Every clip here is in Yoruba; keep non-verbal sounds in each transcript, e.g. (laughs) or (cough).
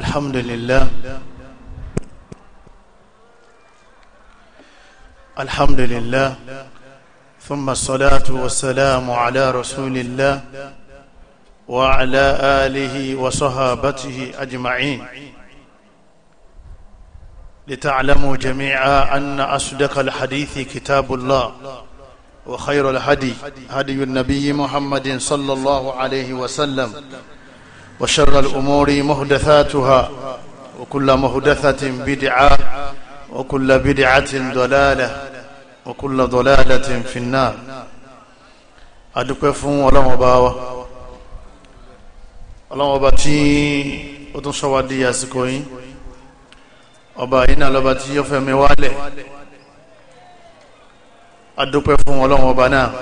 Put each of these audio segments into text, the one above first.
الحمد لله الحمد لله ثم الصلاة والسلام على رسول الله وعلى آله وصحابته أجمعين لتعلموا جميعا أن أصدق الحديث كتاب الله وخير الهدي هدي النبي محمد صلى الله عليه وسلم وشر الأمور مهدثاتها وكل مهدثة بدعة وكل بدعة ضلالة وكل ضلالة في النار أدكفون ولا مباوة ولا مباتي أدن شوادي ياسكوين أباين لباتي يفهم والي أدكفون ولا مبانا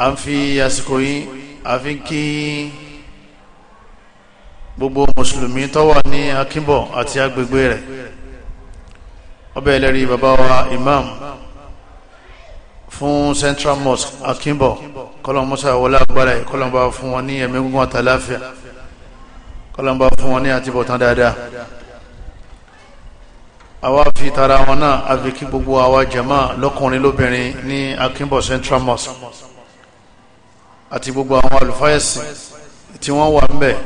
أنفي ياسكوين àfi kí gbogbo mùsùlùmí tó wà ní akínbọ̀ àti agbègbè rẹ̀ ọbẹ̀ ẹlẹ́rí bàbá wa imam fún central mosque akínbọ̀ kọlọmọsá wọlé agbára ẹ̀ kọlọmọba fún wọn ní ẹ̀mí gúngún àtàláfíà kọlọmọba fún wọn ní àtibọ̀tán dáadáa àwa fi tara wọn náà àfi kí gbogbo àwa jàmá lọ́kùnrin lóbìnrin ní akínbọ̀ central mosque àti gbogbo àwọn àlùfáyẹ̀sì tí wọ́n wà ń bẹ̀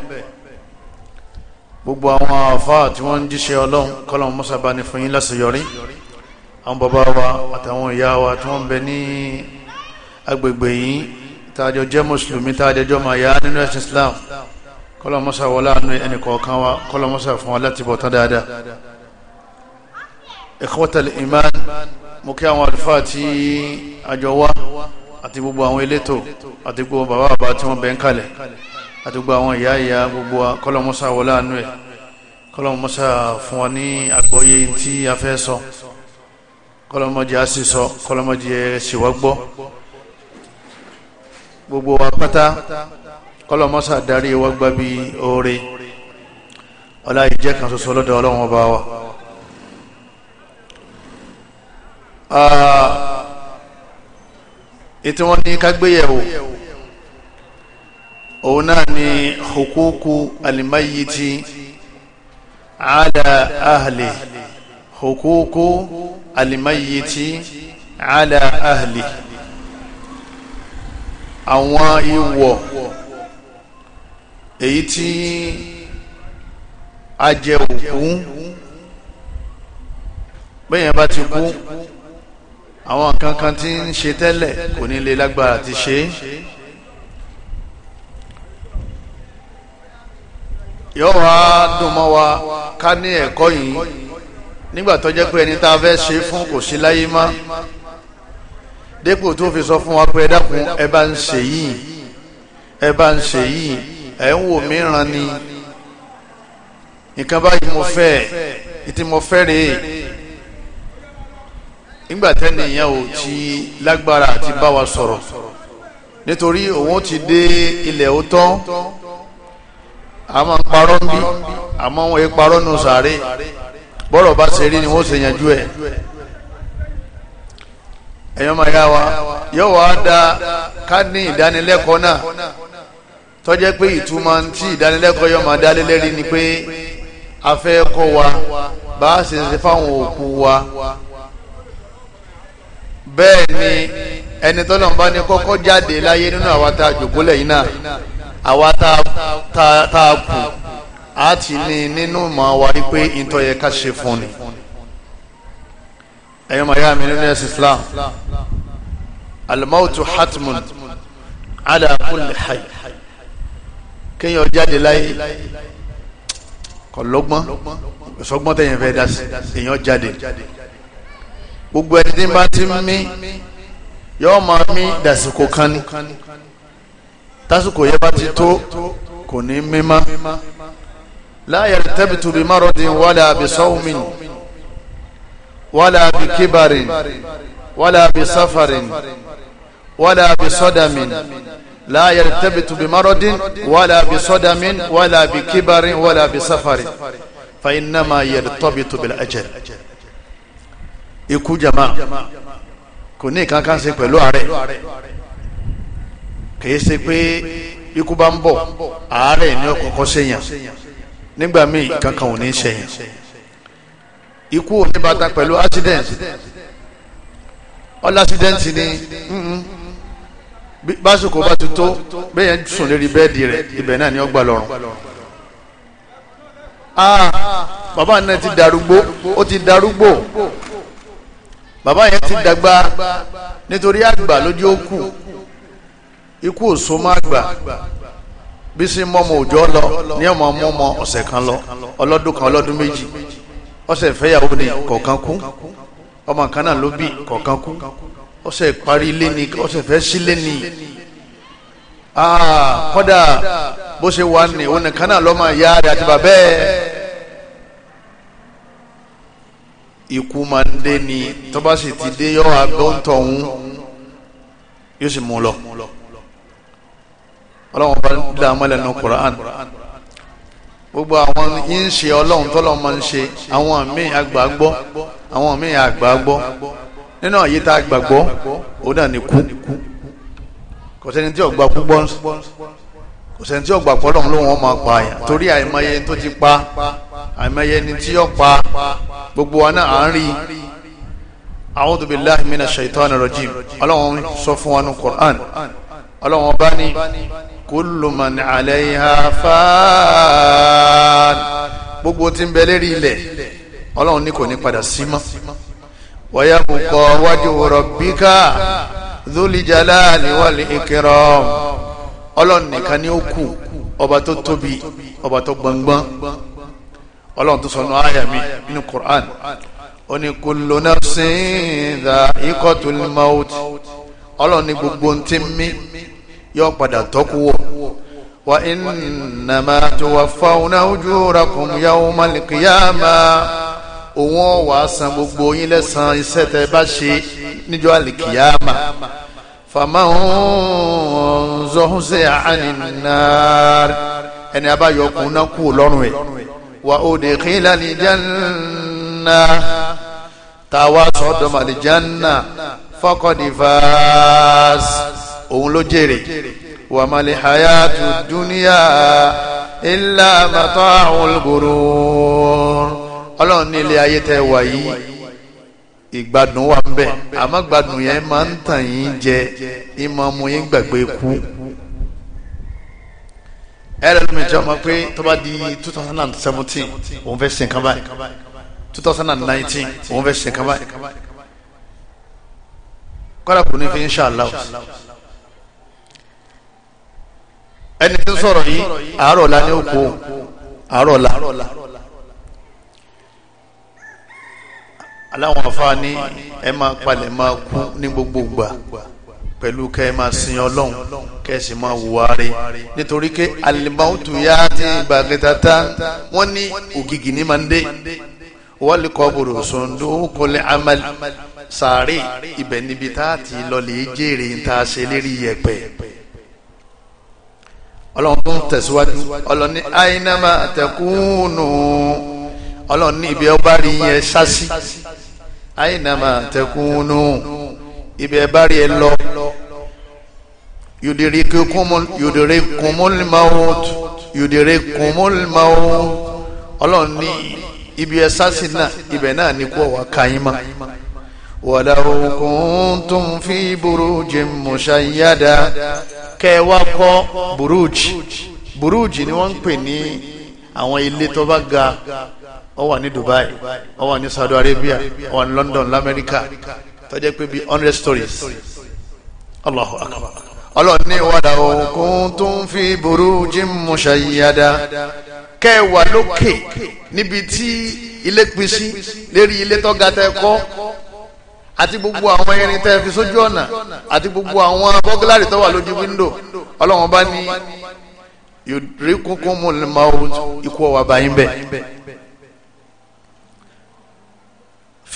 gbogbo àwọn àfáà tí wọ́n ń jíṣẹ́ ọlọ́run kọ́lọ̀n mọ́sàbá ní fún yín láṣeyọrí àwọn bàbá wa àtàwọn ìyá wa tí wọ́n ń bẹ ní agbègbè yìí tààjọ jẹ́ mùsùlùmí tààjọ jọ máa yá nínú ẹ̀sìn Islam kọ́lọ̀n mọ́sà wọ láàánú ẹnì kọ̀ọ̀kan wa kọ́lọ̀n mọ́sà fún wa láti bọ̀ tán dáadáa ikhwatal iman mo kí àwọn àlùfáà tí àjọ wa àti gbogbo àwọn elétò àti gbogbo bàbá bàbá tí wọ́n bẹ̀ ń kalẹ̀ àti gbogbo àwọn ìyá ìyá gbogbo kọ́lọ́mọ́sá wọlé àánú ẹ̀ kọ́lọ́mọ́sá fún wa ní àgbọ́yé tí a fẹ́ sọ kọ́lọ́mọ́jì á sì sọ kọ́lọ́mọ́jì ẹ̀ sì wá gbọ́ gbogbo wa pátá kọ́lọ́mọ́sá darí wa gbábi oore ọlá ìjẹ́ kan ṣoṣo lọ́dọ̀ ọlọ́run ọba wa. Ah, ètò wọn ní kágbéyẹ̀wò òun náà ni hukuku alimayiti ala ahli hukuku alimayiti ala ahli àwọn ìwọ̀ èyí tí a jẹ òkú bẹ́yẹn bá ti kú àwọn nǹkan kan tí ń ṣe tẹ́lẹ̀ kò ní lè lágbára ti ṣe yóò wá dùn mọ́ wa ká ní ẹ̀kọ́ yìí nígbà tó jẹ́ pé ẹni tá a fẹ́ ṣe fún kò sí láyé má dépò tó fi sọ fún wa pé ẹ ẹ bá ń ṣe yìí ẹ bá ń ṣe yìí ẹ ń wò mìíràn ni nǹkan báyìí mo fẹ́ ìtì mo fẹ́ rèé nígbà tẹ́nìyàn ò ti lágbára àti bá wa sọ̀rọ̀ nítorí òun ti dé ilẹ̀ ó tán àmọ́ ń parọ́ ń bí àmọ́ wọn parọ́ nù sàárè bọ́rọ̀ bá ṣe rí ni wọ́n ṣe yanjú ẹ̀ ẹ̀yọ́ máa yá wa yóò wá da ká ní ìdánilẹ́kọ̀ọ́ náà tọ́jẹ́ pé ìtumọ̀ tí ìdánilẹ́kọ̀ọ́ yóò máa dá lé ni pé a fẹ́ kọ́ wa bá a ṣe ṣe fáwọn òkú wa bẹ́ẹ̀ ni ẹni tọ́lọ̀ ń bá ní kọ́kọ́ jáde láyé nínú àwa tá a jòkó lẹ́yìn náà àwa tá a kù á ti ní nínú ìmọ̀ wa rí pé ìtọ́ yẹ ká ṣe fún ni ẹ̀yin màá yá mi nínú ẹ̀sìn Islam alimautu hatmun ala kulli hayy kéèyàn jáde láyé kọ̀lọ́gbọ́n ìsọgbọ́n tẹ̀yìn fẹ́ dá sí èèyàn jáde gbogbo ẹni tí bá ti mí yóò máa mí dàsìkò kan ni tásìkò yẹn bá ti tó kò ní mímá láyé tẹ́bìtù bí márọ̀dín wàlẹ̀ àbísọ́wùmín wàlẹ̀ àbíkíbarin wàlẹ̀ àbísáfarin wàlẹ̀ àbísọ́dàmín láyé tẹ́bìtù bí márọ̀dín wàlẹ̀ àbísọ́dàmín wàlẹ̀ àbíkíbarin wàlẹ̀ àbísáfarin fàyínàmà yẹ tọ́bìtù ikú jama kò ní kankan ṣe pẹ̀lú àárẹ̀ kì í ṣe pé ikú bá ń bọ̀ àárẹ̀ ní ọ̀kọ̀ọ̀kọ̀ ṣèyàn nígbà míì kankan ò ní ṣèyàn ikú ò ní bàtà pẹ̀lú accident all accident ni básìkò bá ti tó bẹ́ẹ̀ yẹn sùn lérí bẹ́ẹ̀dì rẹ̀ ibẹ̀ náà ni ó gbà lọ́rùn ah bàbá náà ti darúgbó ó ti darúgbó bàbá yẹn ti dàgbà nítorí àgbà lójú ó kù ikú òso má gbà bí sí mọ́mọ́ òjọ́ lọ ní ọmọ mọ́mọ́ ọ̀sẹ̀ kan lọ ọlọ́dún kan ọlọ́dún méjì ọ̀sẹ̀ fẹ́yàwó ni kọ̀ọ̀kan kú ọmọ kan náà ló bí kọ̀ọ̀kan kú ọ̀sẹ̀ parí ilé ni ọ̀sẹ̀ fẹ́ sílé ni kọ́dà bó ṣe wà ní òun nìkan lọ́mọ ìyá rẹ̀ àti bàbá ẹ̀ ikú máa ń dé ni tó bá sì ti dé yọ abẹ́ńtọ̀ ọ̀hún yóò sì mú lọ ọlọ́run bá dá mọ́lẹ̀ nù Qur'an gbogbo àwọn yín ṣe ọlọ́run tọ́lọ́ máa ń ṣe àwọn míì àgbà gbọ́ àwọn míì àgbà gbọ́ nínú àyè tá a gbàgbọ́ òun náà ni kú kò sẹ́ni tí ò gbà kú gbọ́ kò sẹ́ni tí ọgbà pọ́ lọ́hún ló wọ́n máa pa àyàn torí àìmọye tó ti pa àìmọye ni tí yọ pa gbogbo wa náà à ń rí a'udhu billahi minash shaitani rajim ọlọ́run sọ fún wa ní Qur'an ọlọ́run bá ní kullu man 'alayha fan gbogbo tí ń bẹ lérí ilẹ̀ ọlọ́run ní kò ní padà sí mọ́ wa yabqa wajhu rabbika dhul jalali wal ikram ọlọ́run nìkan ni ó kù ọba tó tóbi ọba tó gbọ̀ngbọ́n ọlọ́run tó sọnù àyà mi nínú Qur'an ó ní kullu nafsin dha'iqatul maut ọlọ́run ní gbogbo ń tí yóò padà tọ́kú wọ̀ wa innama tuwaffawna ujurakum yawmal qiyamah òun ọ̀wà san gbogbo yín lẹ́san iṣẹ́ tẹ́ bá ṣe níjọ́ àlìkìyàmà faman zɔnse ani naari ẹni aba yọ kun na ku lọ́rùn yẹ wa o de kila ni janna tawa sọ dọma ni janna fakọdi òun ló jèrè wa mali hayatu duniya illa mata'ul ghurur ọlọ́run ní ayé tẹ wáyé ìgbádùn wà ń bẹ àmọ́ gbádùn yẹn máa ń tàn yín jẹ ìmọ̀ ọmọ yín gbàgbé kú ẹ̀rọ lómi jẹ́ ọmọ pé tó bá di two thousand and seventeen òun fẹ́ sìn kan báyìí two thousand and nineteen òun fẹ́ sìn kan báyìí kọ́dà kò ní fi ń ṣàlá o ẹni tó sọ̀rọ̀ yìí àárọ̀ la ní òkú àárọ̀ la. aláwọn afáà ní ẹ máa palẹ̀ máa kú ní gbogbo gbà pẹ̀lú kẹ́ ẹ máa sin ọlọ́run kẹ́ ẹ sì máa wùwá rí nítorí pé alimautu yá ti gbàgẹ́tata wọ́n ní ògìgì ní máa ń dé wọ́n lè kọ́ bòrò sọ̀ndó kọ́lé amali sàárè ibẹ̀ níbi tá a ti lọlẹ̀ jèrè ń ṣe lérí yẹ̀pẹ̀ ọlọ́run tó ń tẹ̀síwájú ọlọ́run ní àyínámà tẹ̀kúnnù ọlọ́run ní ibi ọba rí yẹn ṣáṣí aynama takunu ibẹ̀ bá rí ẹ kumul yudirikumul kumul maut yudirikumul maut ọlọ́run ní ibi ẹ sásì náà ibẹ̀ náà ní kó wà káyín mọ́. walaw kuntum fi burujin mushayyada kẹwàá kọ́ burújì burújì ni wọ́n ń pè ní àwọn ilé tó ga ó wà ní Dubai ó wà ní Saudi Arabia ó wà ní London lamẹ́ríkà tó jẹ́ pé bíi hundred stories Allahu akbar ọlọ́run ní wàdà òkun tó ń fi burujin mushayyada kẹwàá lókè níbi tí ilé pin sí lérí ilé tọ́ga tẹ kọ́ àti gbogbo àwọn irin tẹ fi sójú ọ̀nà àti gbogbo àwọn bọ́gílárì tó wà lójú wíńdò ọlọ́run bá ní yudrikukumul maut ikú ọ̀wà báyìí bẹ́ẹ̀.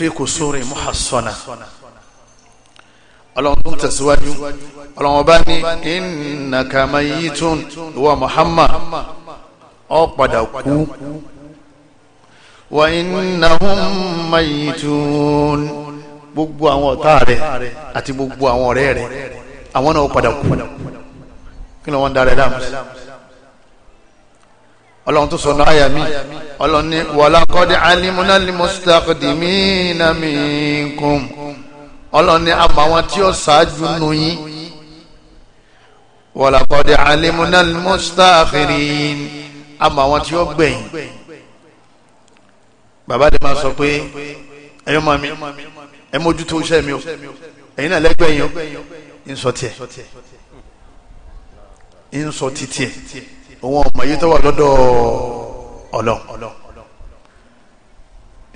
fi kusuri muhassana ọlọ́run tó ń tẹ̀síwájú ọlọ́run ọba ní innaka mayitun ìwọ muhammad ọ padà kú wa innahum mayitun gbogbo àwọn ọ̀tá rẹ̀ àti gbogbo àwọn ọ̀rẹ́ rẹ̀ àwọn náà padà kú kí ni wọ́n ń darẹ̀ dáàmú sí i ọlọ́run tó sọ̀nà àyà mi ọlọ́run ní wàlákọ́dé alimuna limustaqdimina minkum ọlọ́run ní àbáwọn tí ó ṣáájú nù yín wàlákọ́dé alimuna limustakhirin àbáwọn tí ó gbẹ̀yìn bàbá de máa sọ pé ẹ̀yọ́ máa mi ẹ mójútó iṣẹ́ mi o ẹ̀yin náà lẹ́gbẹ̀yìn o ń sọ tiẹ̀ ń sọ titiẹ̀ òun ọmọ yìí tó wà lọ́dọ̀ ọ̀lọ́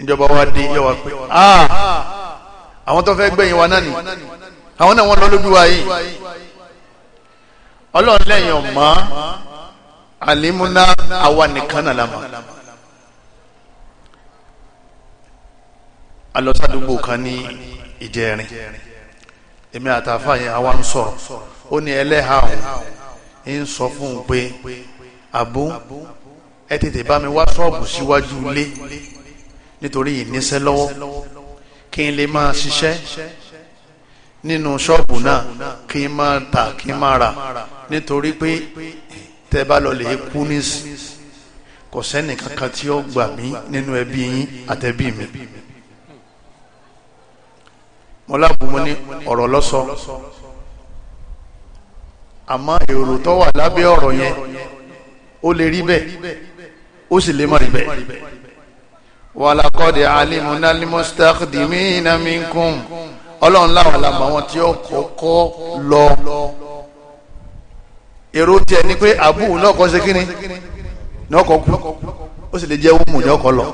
ìjọba wa dé yọ wa pé ah, àwọn tó fẹ́ gbẹ̀yìn wa náà ni àwọn náà wọ́n lọ lójú wa yìí ọlọ́run lẹ́yìn ọ̀mọ àlímúná àwa nìkan náà lámà alọ́sàdúgbò kan ní ìjẹrin èmi àtàfà yẹn àwa ń sọ̀rọ̀ ó ní ẹlẹ́hàá ń sọ fún un pé àbó ẹ tètè bá mi wá ṣọ́ọ̀bù síwájú ilé nítorí ìníṣẹ́ lọ́wọ́ kí n lè máa ṣiṣẹ́ nínú ṣọ́ọ̀bù náà kí n máa tà kí n máa rà nítorí pé tẹ́ bá lọ lè kú nísì kò sẹ́ni kankan tí ó gbà mí nínú ẹbí yín àtẹ̀bí mi mọ́lábùmọ́ ní ọ̀rọ̀ lọ́sọ àmọ́ èrò tó wà lábẹ́ ọ̀rọ̀ yẹn ó lè rí bẹ́ẹ̀ ó sì lè má rí bẹ́ẹ̀. walaqad alimna al-mustakhdimina minkum ọlọ́run láwọn làmọ àwọn tí ó kọ́kọ́ lọ èrò tiẹ̀ ni pé àbúrò náà kọ́ ṣe kínní náà kọ́ kú ó sì lè jẹ́ wọ́ọ̀mù ní ọkọ̀ lọ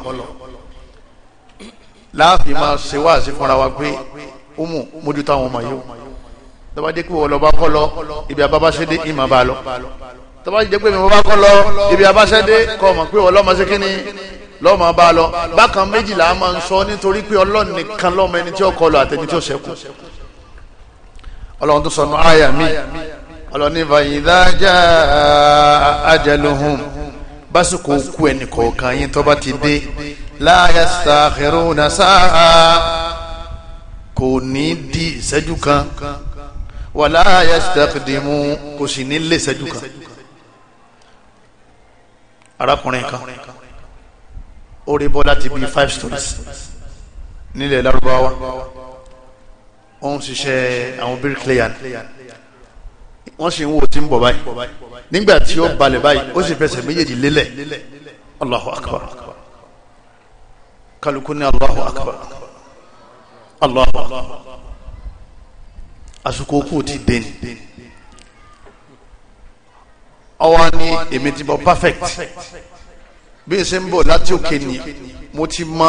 láàfin máa ṣe wá sí fúnra wa pé ó mú mójútó àwọn ọmọ yìí ó dọ́bàdé kí wọ́n kọ́ lọ ibi àbábáṣẹ́dé ìmọ̀ bá lọ tọ́ba jẹ́ pé mi mo bá kọ́ lọ ibi abáṣẹ́dé kọ́ mọ̀ pé ọlọ́mọ ṣe kínní lọ́mọ bá lọ bákan méjìlá a máa ń sọ nítorí pé Ọlọ́run nìkan lọ́mọ ẹni tí ó kọ́ lọ àtẹni tí ó ṣẹ́kù Ọlọ́run tó sọnù àyà mi Ọlọ́run ní fàyídá já básìkò òkú ẹnì kọ̀ọ̀kan yín tọ́ba ti dé la yastakhiruna sa'a kò ní di ìṣẹ́jú kan wala yastaqdimu kò sì ní lé ìṣẹ́jú kan arákùnrin kan ó rí bọ́ láti bíi five stories nílẹ̀ lárúbáwá ó ń ṣiṣẹ́ àwọn bíríkìlẹ̀yàn wọ́n sì ń wò tí ń bọ̀ báyìí nígbà tí ó balẹ̀ báyìí ó sì fẹsẹ̀ méjèèjì lélẹ̀ allahu akbar kálukú ní allahu akbar allahu akbar àsìkò kù ti dé ọwọ́ ní èmi ti bọ̀ perfect bí n ṣe ń bọ̀ láti òkè ni mo ti mọ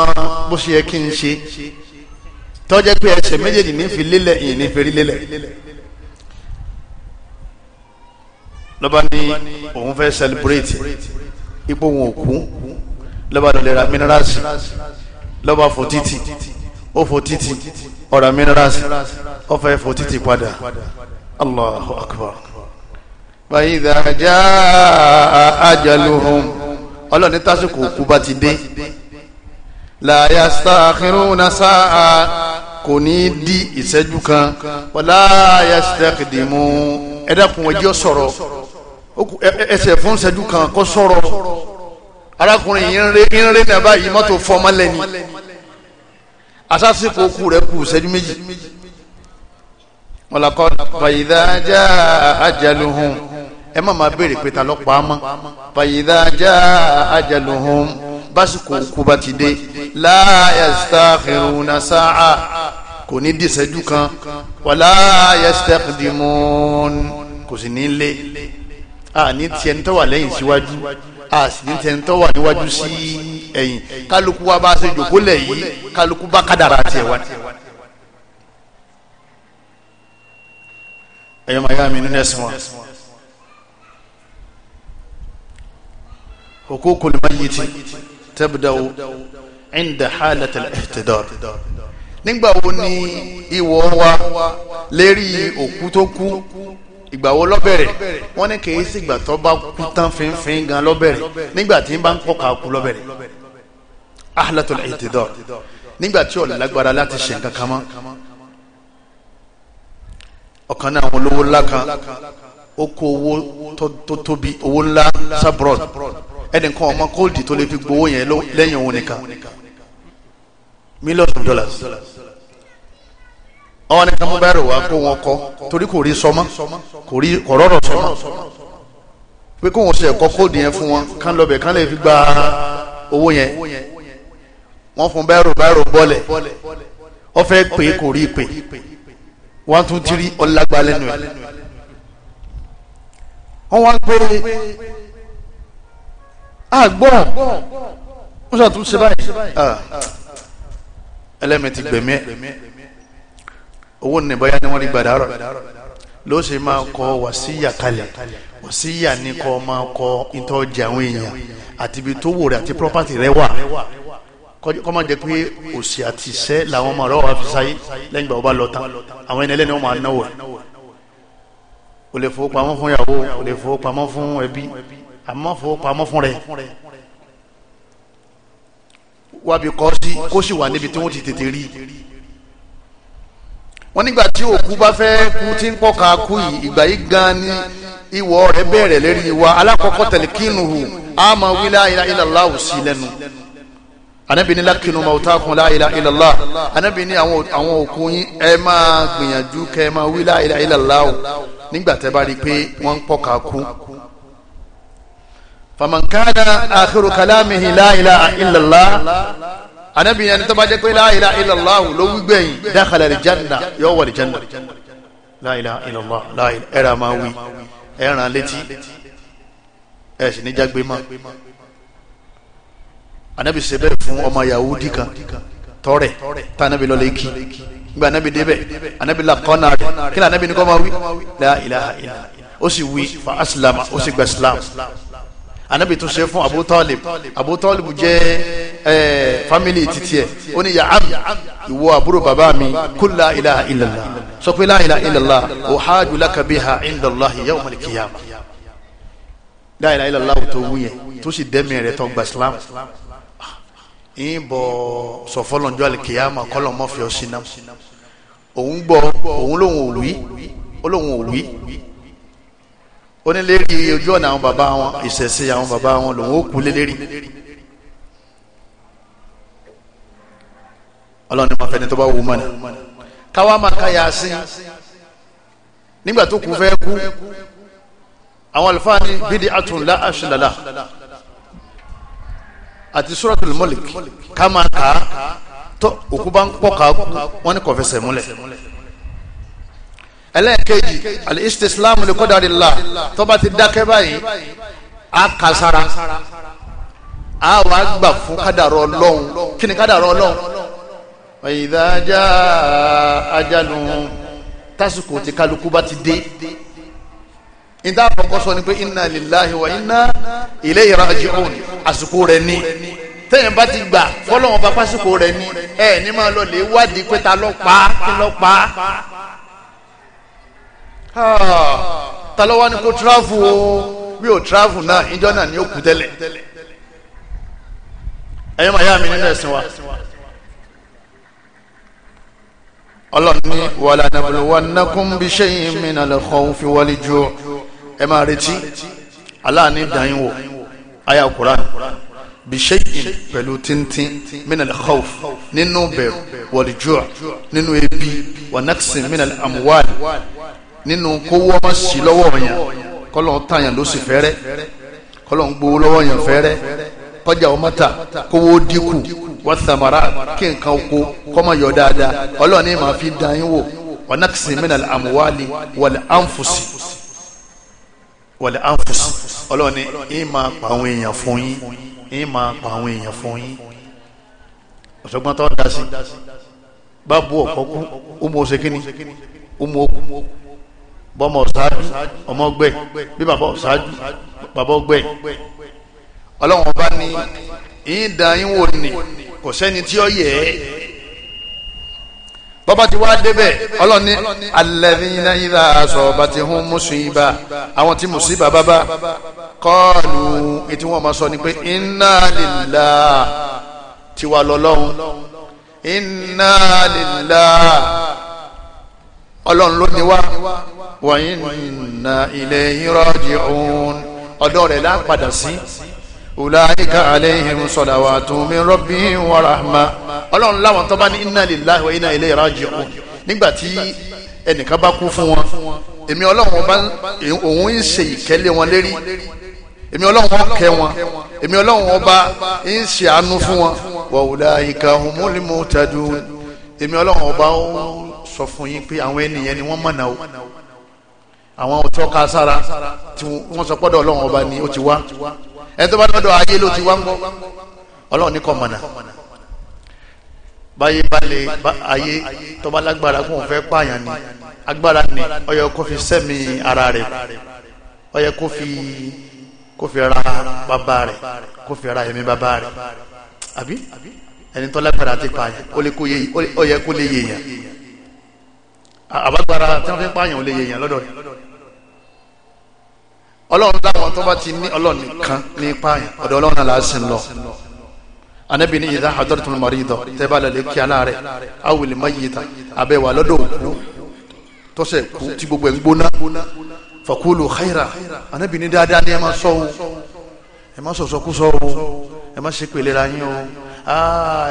bó ṣe yẹ kí n ṣe tọ́jẹ́ pé ẹsẹ̀ méjèèjì ní fi lélẹ̀ ìyìn ní feri lélẹ̀ lọ́ba ní òun fẹ́ celebrate ipò òun òkú lọ́ba lọ́lẹ́ra minerals lọ́ba fò títì ó fò títì ọ̀rà minerals ọ̀fẹ́ fò títì padà Allahu Akbar fàyídà já ajaluhum ọlọ́ni tásìkò kú bá ti dé làyà sàkírùnà sáà kò ní di ìṣẹ́jú kan wàlá yà sàkìdìmù ẹ̀dàkùn ẹjọ́ sọ̀rọ̀ ẹsẹ̀ fún ìṣẹ́jú kan kó sọ̀rọ̀ arákùnrin yìí ń rí nàbá yìí mọ́tò fọmọ́lẹ́ni asásìkò kú rẹ̀ kú ìṣẹ́jú méjì wọ́n lakọ́ fàyídà já ẹ má máa béèrè pé ta ló pa á mọ́ fàyídá já ajaluhum básìkò kú ti dé la yastakhiruna sa'a kò ní dìṣẹ́jú kan wala yastaqdimun kò sì ní lé a ní tiẹ̀ ń tọ́wà lẹ́yìn síwájú a sì ní tiẹ̀ ń tọ́wà níwájú sí ẹ̀yìn kálukú wa bá ṣe jòkó lẹ̀ yìí kálukú bá kádàrà tiẹ̀ wá. ẹ̀yọ́ màá yá mi nínú ẹ̀sìn wọn. حقوق الميت تبدأ عند حالة الاحتضار nígbà wo ni ìwọ wa lérí òkú tó kú ìgbà wo ló bẹ̀rẹ̀ wọ́n ní kìí sígbà tó bá kú tán fínfín gan ló bẹ̀rẹ̀ nígbà tí ń bá ń pọ̀ka kú ló ahlatul ihtidar nígbà tí ò lágbára láti ṣe nǹkan kan mọ́ ọ̀kan náà àwọn olówó ńlá kan ó kó owó tó tóbi owó ńlá sabrod ẹnìkan ọmọ kóòdì tó lè fi gbowó yẹn lẹ́yìn òun nìkan millions of dollars ọwọ́ nìkan mú báyìí wá kó wọn kọ́ torí kò rí sọmọ́ kò rí kọ̀rọ̀rọ̀ sọmọ́ pé kó wọn ṣe ẹ̀kọ́ kóòdì yẹn fún wọn kán lọ bẹ̀ kán lè fi gba owó yẹn wọ́n fún báyìí báyìí bọ́lẹ̀ wọ́n fẹ́ kò rí pè one two three ọlágbá lẹ́nu ẹ̀ wọ́n wá ń pè é àgbọ̀n ah, wọ́n sàtún ṣe báyìí ah. ẹlẹ́mi ti gbẹ̀mí ẹ̀ owó ní bọ́yá ni wọ́n rí gbàdá rọ̀ ló ṣe máa kọ wàsíyà kalẹ̀ wàsíyà ní kọ́ máa kọ ìtọ́jú àwọn èèyàn àti ibi tó wò rẹ̀ àti property rẹ̀ wà kọ́ máa jẹ́ pé òsì àti ìṣẹ́ làwọn ọmọ rẹ̀ wà fi sáyé lẹ́yìn ìgbà wọ́n bá lọ tán àwọn ẹni ẹlẹ́ni wọ́n máa náwó ẹ̀ o fowópamọ́ fún ìyàwó o fowópamọ́ fún ẹbí àmọ́ fowópamọ́ fún rẹ̀ wábi kọ́ sí kó sì wà níbi tí wọ́n ti tètè rí wọ́n nígbà tí òkú bá fẹ́ kú tí ń pọ̀ka kú yìí ìgbà yìí gan ni ìwọ rẹ̀ bẹ̀rẹ̀ lérí wa alákọ̀ọ́kọ́ tẹ̀lé kínú hù á máa wí la ilaha illallah sí lẹ́nu anabi ni lakinu mautakun la ilaha illallah anabi ni àwọn òkú yín ẹ máa gbìyànjú kẹ́ máa wí la ilaha illallah nígbà tẹ́ bá rí i pé faman kana akhiru kalamihi la ilaha illallah anabi ẹni tó bá jẹ́ pé la ilaha illallah ló wí gbẹ̀yìn dakhala aljanna yóò wọ aljanna la ilaha illallah la ilaha ẹ̀rà máa wí ẹ̀ràn létí ẹ̀ sì ní jágbe má anabi ṣe bẹ́ẹ̀ fún ọmọ yahudi kan tọrẹ tanabi lọ lẹki gba anabi débẹ̀ anabi la kọ́nà rẹ̀ kí ni anabi ní kọ́ máa wí la ilaha illallah ó sì wí fa asilama ó sì gba islam. islam anabi tún ṣe fún Abu Talib Abu Talib jẹ́ ẹ family titi ẹ ó ní ya am ìwọ àbúrò bàbá mi kul la ilaha illallah sọ pé la ilaha illallah uhaju laka biha indallahi yawm al-qiyamah la ilaha illallah tó wúyẹ tó sì dẹ́mi rẹ̀ tó gba Islam ń bọ̀ sọ̀fọ́lọ́njọ́ al-qiyamah kọ́lọ́ mọ́fìọ́ sínú òun gbọ́ òun lòun ò wí lòun ò onílérí ojú ọ̀nà àwọn bàbá wọn ìṣẹ̀ṣe àwọn bàbá wọn lòun ó kú lélérí ọlọ́run ni wọ́n fẹ́ni tó bá wù mọ́ni káwá máa ká Yasin nígbà tó kù fẹ́ kú àwọn àlùfáà ní bídí àtúnlá àṣìlálà àti suratul Mulk ká máa kà á tó òkú bá ń pọ̀ ká kú wọ́n ní kọ̀fẹ́sẹ̀ múlẹ̀ ẹlẹ́ẹ̀kejì alìsítísílámù li qadarillah tó bá ti dákẹ́ báyìí á kà sára á wà á gbà fún kádàrọ̀ ọlọ́run kí ni kádàrọ̀ ọlọ́run idha jaa ajalun tásìkò tí kálukú bá ti dé ìdá àkọ́kọ́ sọ ni pé inna lillahi wa inna ilayhi raji'un àsìkò rẹ̀ ni tẹ́yìn bá ti gbà fọlọ́wọ́n bá pásìkò rẹ̀ ni ẹ̀ ní máa lọ lè wádìí pé ta ló pa kí ló pa talọ́wọ́ ni kò tíráfù o bí o tíráfù náà ìjọ náà ni ó kú tẹ́lẹ̀ ẹ̀yọ́ màá yá mi nínú ẹ̀sìn wa ọlọ́run ní wàlá nabluwannakum bishay'in minal khawfi wal ju' ẹ máa retí aláàní dàáyín wò àyà Qur'an bishay'in pẹ̀lú tíntín minal khawf nínú bẹ̀rù wal ju' nínú ebi wa naqsin minal amwal nínú kówó ọmọ sí lọ́wọ́ yẹn kọ́lọ́ tàyàn ló sì fẹ́rẹ́ kọ́lọ́ ń gbowó lọ́wọ́ yẹn fẹ́rẹ́ kọjá ọmọ ta kówó dínkù wọ́n samara kí nǹkan oko kọ́mọ yọ dáadáa ọlọ́ọ̀ni máa fi dán yín wò ọ̀nàkìsìn mìíràn àmúwálì wọlé ànfùsì wọlé ànfùsì ọlọ́ọ̀ni yín máa pa àwọn èèyàn fún yín yín máa pa àwọn èèyàn fún yín ọ̀ṣọ́gbọ́n tó ń dá bá bu ọ̀kọ́kú ó mú ọ bọ́mọ ọ̀sáájú ọmọ gbẹ bí bàbá ọ̀sáájú bàbá ọgbẹ ọlọ́run ọba ní ìyín da yín wò ní kò sẹ́ni tí ó yẹ ẹ́ bọ́bá ti wá débẹ̀ ọlọ́run ní alladhina idha asabathum musiba àwọn tí musiba bàbá qalu ètí wọ́n máa sọ ni pé inna lillahi tiwa lọ́lọ́run inna lillahi ọlọ́run ló ní wá wa inna ilayhi raji'un ọ̀dọ̀ rẹ̀ la padà sí ulaika alayhim salawatun min rabbihim wa rahma ọlọ́run láwọn tó bá ní inna lillahi wa inna ilayhi raji'un nígbà tí ẹnìkan bá kú fún wọn èmi ọlọ́run bá òun ń ṣe ìkẹ́lẹ́ wọn lérí èmi ọlọ́run kẹ́ wọn èmi ọlọ́run ọba ń ṣe àánú fún wọn wa ulaika humul muhtadun èmi ọlọ́run ọba ó sọ fún yín pé àwọn ènìyàn ni wọ́n mọ̀nà o àwọn ọ̀tọ́ ká sára tí wọ́n sọ pọ́dọ̀ ọlọ́run ọba ni ó ti wá ẹni tó bá dọ́dọ̀ ayé ló ti wá ń gbọ́ ọlọ́run ní kọ̀mọ̀nà báyé balẹ̀ ayé tó bá lágbára kó fẹ́ pààyàn ni agbára ni ó yẹ kó fi sẹ́mi ara rẹ̀ ó yẹ kó fi kó fi ra bàbá rẹ̀ kó fi ra ẹ̀mí bàbá rẹ̀ àbí ẹni tó lágbára ti pààyàn ó yẹ kó lè yèèyàn àbágbára tí wọ́n fi pààyàn ó lè yèèyàn lọ́dọ̀ rẹ̀ ọlọ́run láwọn tó bá ti ní ọlọ́run nìkan ní pààyàn ọ̀dọ̀ ọlọ́run náà láti ń lọ anabi ni idha hadartul marida tẹ́bà lọ́lẹ̀ kí aláàrẹ̀ awil mayyita abẹ́wà lọ́dọ̀ òkú tọ́sẹ̀ kú tí gbogbo ẹ̀ ń gbóná fakulu khaira anabi ni dáadáa ni ẹ máa sọ o ẹ máa sọ̀sọ̀ kú sọ o ẹ máa ṣe pèlè ra yín o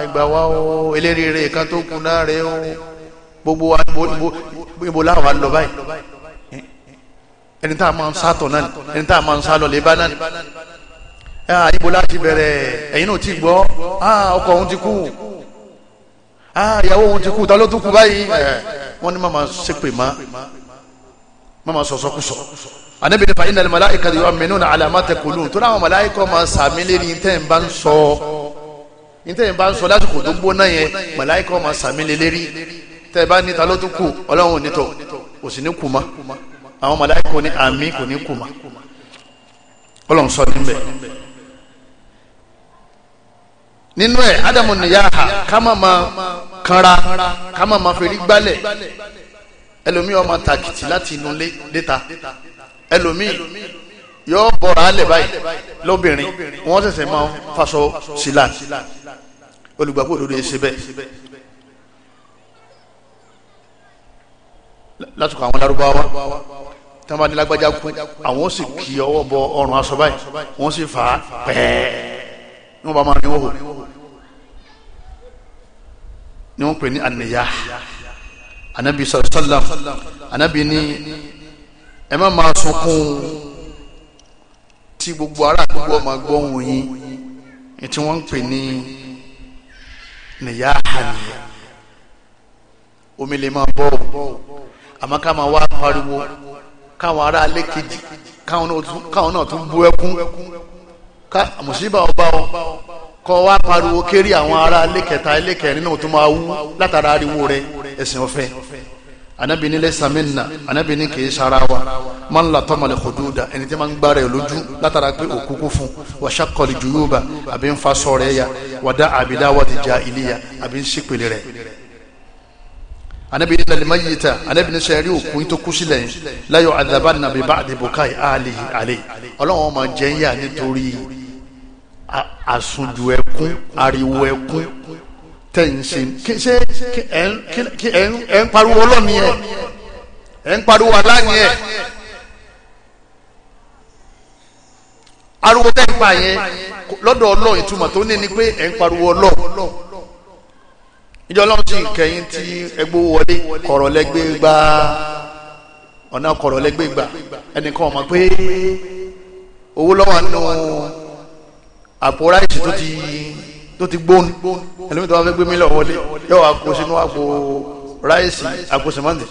ìgbà wa o eléré rẹ̀ kan tó kú o gbogbo wa ibo láwa lọ báyìí ẹni tá a máa ń sátọ̀ náà ẹni tá a máa ń sálọ lébá náà ẹ à ibo láti bẹ̀rẹ̀ ẹ̀yin náà ti gbọ́ ọkọ òun ti kú ìyàwó òun ti kú ta ló tún kú báyìí wọ́n ní màmá ṣépè má màmá sọ̀sọ́kùsọ̀ anabi ni fa'inna malaika yu'minuna ala ma taqulun tó láwọn malaika ma sàmì lérí ní tẹ́yìn bá ń sọ ní tẹ́yìn bá ń sọ lásìkò tó gbóná yẹn malaika ma sàmì lérí tẹ́yìn bá ní ta ló tún kú ọlọ́run ò ní tọ̀ òsì ní kú ma àwọn màláíkà kò ní àmì kò ní kùmà ọlọ́run sọ níbẹ̀ nínú ẹ̀ ádámù nìyáha ká Kama ma kanra Kama ma fèrè gbálẹ̀ ẹlòmíì ọmọ tàkìtì láti inú léta ẹlòmíì yóò bọ̀rọ̀ alẹ̀ báyìí lóbìnrin wọ́n sẹ̀sẹ̀ máa ń faṣọ sílá olùgbàgbọ́ òdodo ẹ̀ ṣe bẹ́ẹ̀ látùkọ̀ àwọn lárúbáwá tí wọn bá ní lágbájá kú àwọn sì kì ọwọ́ bọ ọrùn aṣọ báyìí wọn sì fà á pẹ́ẹ́ ní wọn bá máa ní wọn hò ni wọn pè ní àníyá anabi sallam anabi ní ẹ má máa sunkún tí gbogbo ará àdúgbò máa gbọ́ ohùn yín tí wọ́n ń pè ní nìyá àníyá omi lè máa bọ́ ọ àmọ́ ká máa wá pariwo káwọn ará alẹ́ kejì káwọn náà tún bú ẹkún ká mùsíbà ọba ọ kọ wá pariwo kéré àwọn ará alẹ́ kẹta alẹ́ kẹrin náà tún máa wú látara ariwo rẹ ẹ̀sìn ọ̀fẹ́ anabi ni lẹsa minna anabi ni kìí sara wa máa ń la tọ́ malẹ̀ kòdúdà ẹni tí máa ń gbára ẹ̀ lójú látara pé òkúkú fún wa ṣàkọlì jùlọ bá àbí ń fa sọ̀rọ̀ ẹ̀ ya wàdà àbídáwà ti jà ilé ya àbí ń sípèlè rẹ̀ anabi ilẹ̀ lè má yìí ta anabi ní sẹ́yìn rí òkú tó kú sílẹ̀ yẹn láyọ̀ àdàbà nàbí bá àdìbòkà àlè àlè ọlọ́run ọmọ jẹ́yà nítorí àsunjù ẹkún ariwo ẹkún tẹ̀ ń ṣe kí ṣe kí ẹ ń pariwo ọlọ́ni ẹ ẹ ń pariwo aláyẹ ẹ ariwo tẹ̀ ń pa yẹn lọ́dọ̀ ọlọ́ọ̀ ìtumọ̀ tó ní ni pé ẹ ń pariwo ọlọ́ọ̀ ìjọ ọlọ́run sì kẹ́yìn tí ẹgbẹ́ wọlé kọ̀rọ̀ lẹ́gbẹ́ gbá ọ̀nà kọ̀rọ̀ lẹ́gbẹ́ gbà ẹnìkan ọ̀mọ̀ pé owó lọ́wọ́ nù àpò ráìsì tó ti tó ti gbóni ẹlòmíì tó wá fẹ́ gbé mílíọ̀ wọlé yóò àpò sínú àpò ráìsì àpò sèmọ́ǹdì.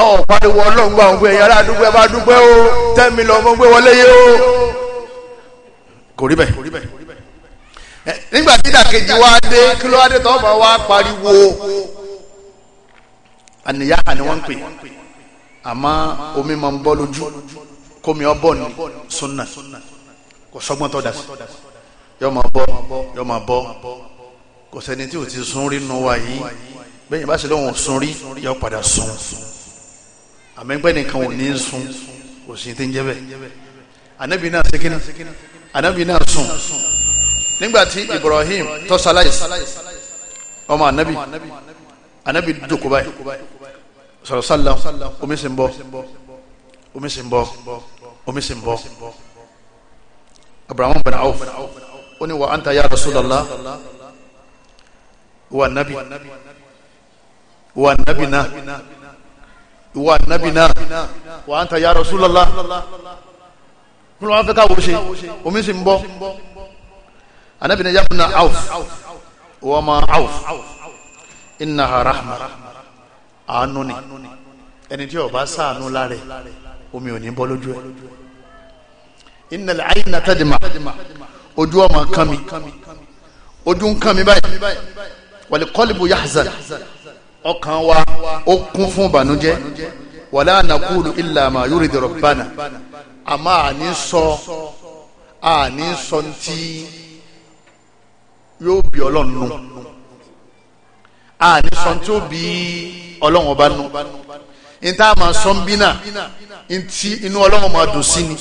àwọn ọ̀pariwo ọlọ́run gba àwọn ọgbẹ́ yàrá àdúgbò ẹ bá dúpẹ́ o tẹ́mi lọ́ọ́ mọ́ gbé wọlé yìí o kò rí bẹ́ẹ̀. Eh, nígbà tí ìdàkejì wá dé kí ló wá dé tó bá wá pariwo àníyá ni wọ́n ń pè àmọ́ omi máa ń bọ́ lójú kómi ọbọ̀ ni sunna kò sọ́gbọ́n tó dà sí yọ máa bọ́ yọ máa bọ́ kò sẹ́ni tí ò ti sun rí nu wa yìí bẹ́ẹ̀ bá ṣe lóun sun rí yọ padà sun àmẹ́gbẹ́ nìkan ò ní sun kò sì ti ń jẹ́ bẹ́ẹ̀ ànábì náà ṣe kíni náà sùn nígbàtí Ibrahim tó ṣaláìsí ọmọ anabi anabi dúkú báyìí sọ̀rọ̀ sálà omi sì ń bọ́ omi sì ń bọ́ omi sì ń bọ́ Abraham bin Auf ó ní wa anta ya Rasulallah wa nabi wa nabi na wa nabi na wa anta ya Rasulallah kí ló wá fẹ́ káwọ́ ṣe omi sì ń bọ́ anabi ni yabna auf wa ma auf innaha rahma àánú ni ẹni tí ó bá ṣàánú láre omi ò ní bọ́ lójú ẹ innal ayna tadma ojú ọmọ kan mi ojú ń kan mi báyìí wal qalbu yahzan ọkàn wa ó kún fún bànújẹ́ wala naqulu illa ma yuridu rabbana àmọ́ àní sọ àní sọ ti yóò bí ọlọ́run nù àní sọ tí ó bí ọlọ́run ọba nù níta máa sọ ń bí náà ntí inú ọlọ́run máa dùn sí ni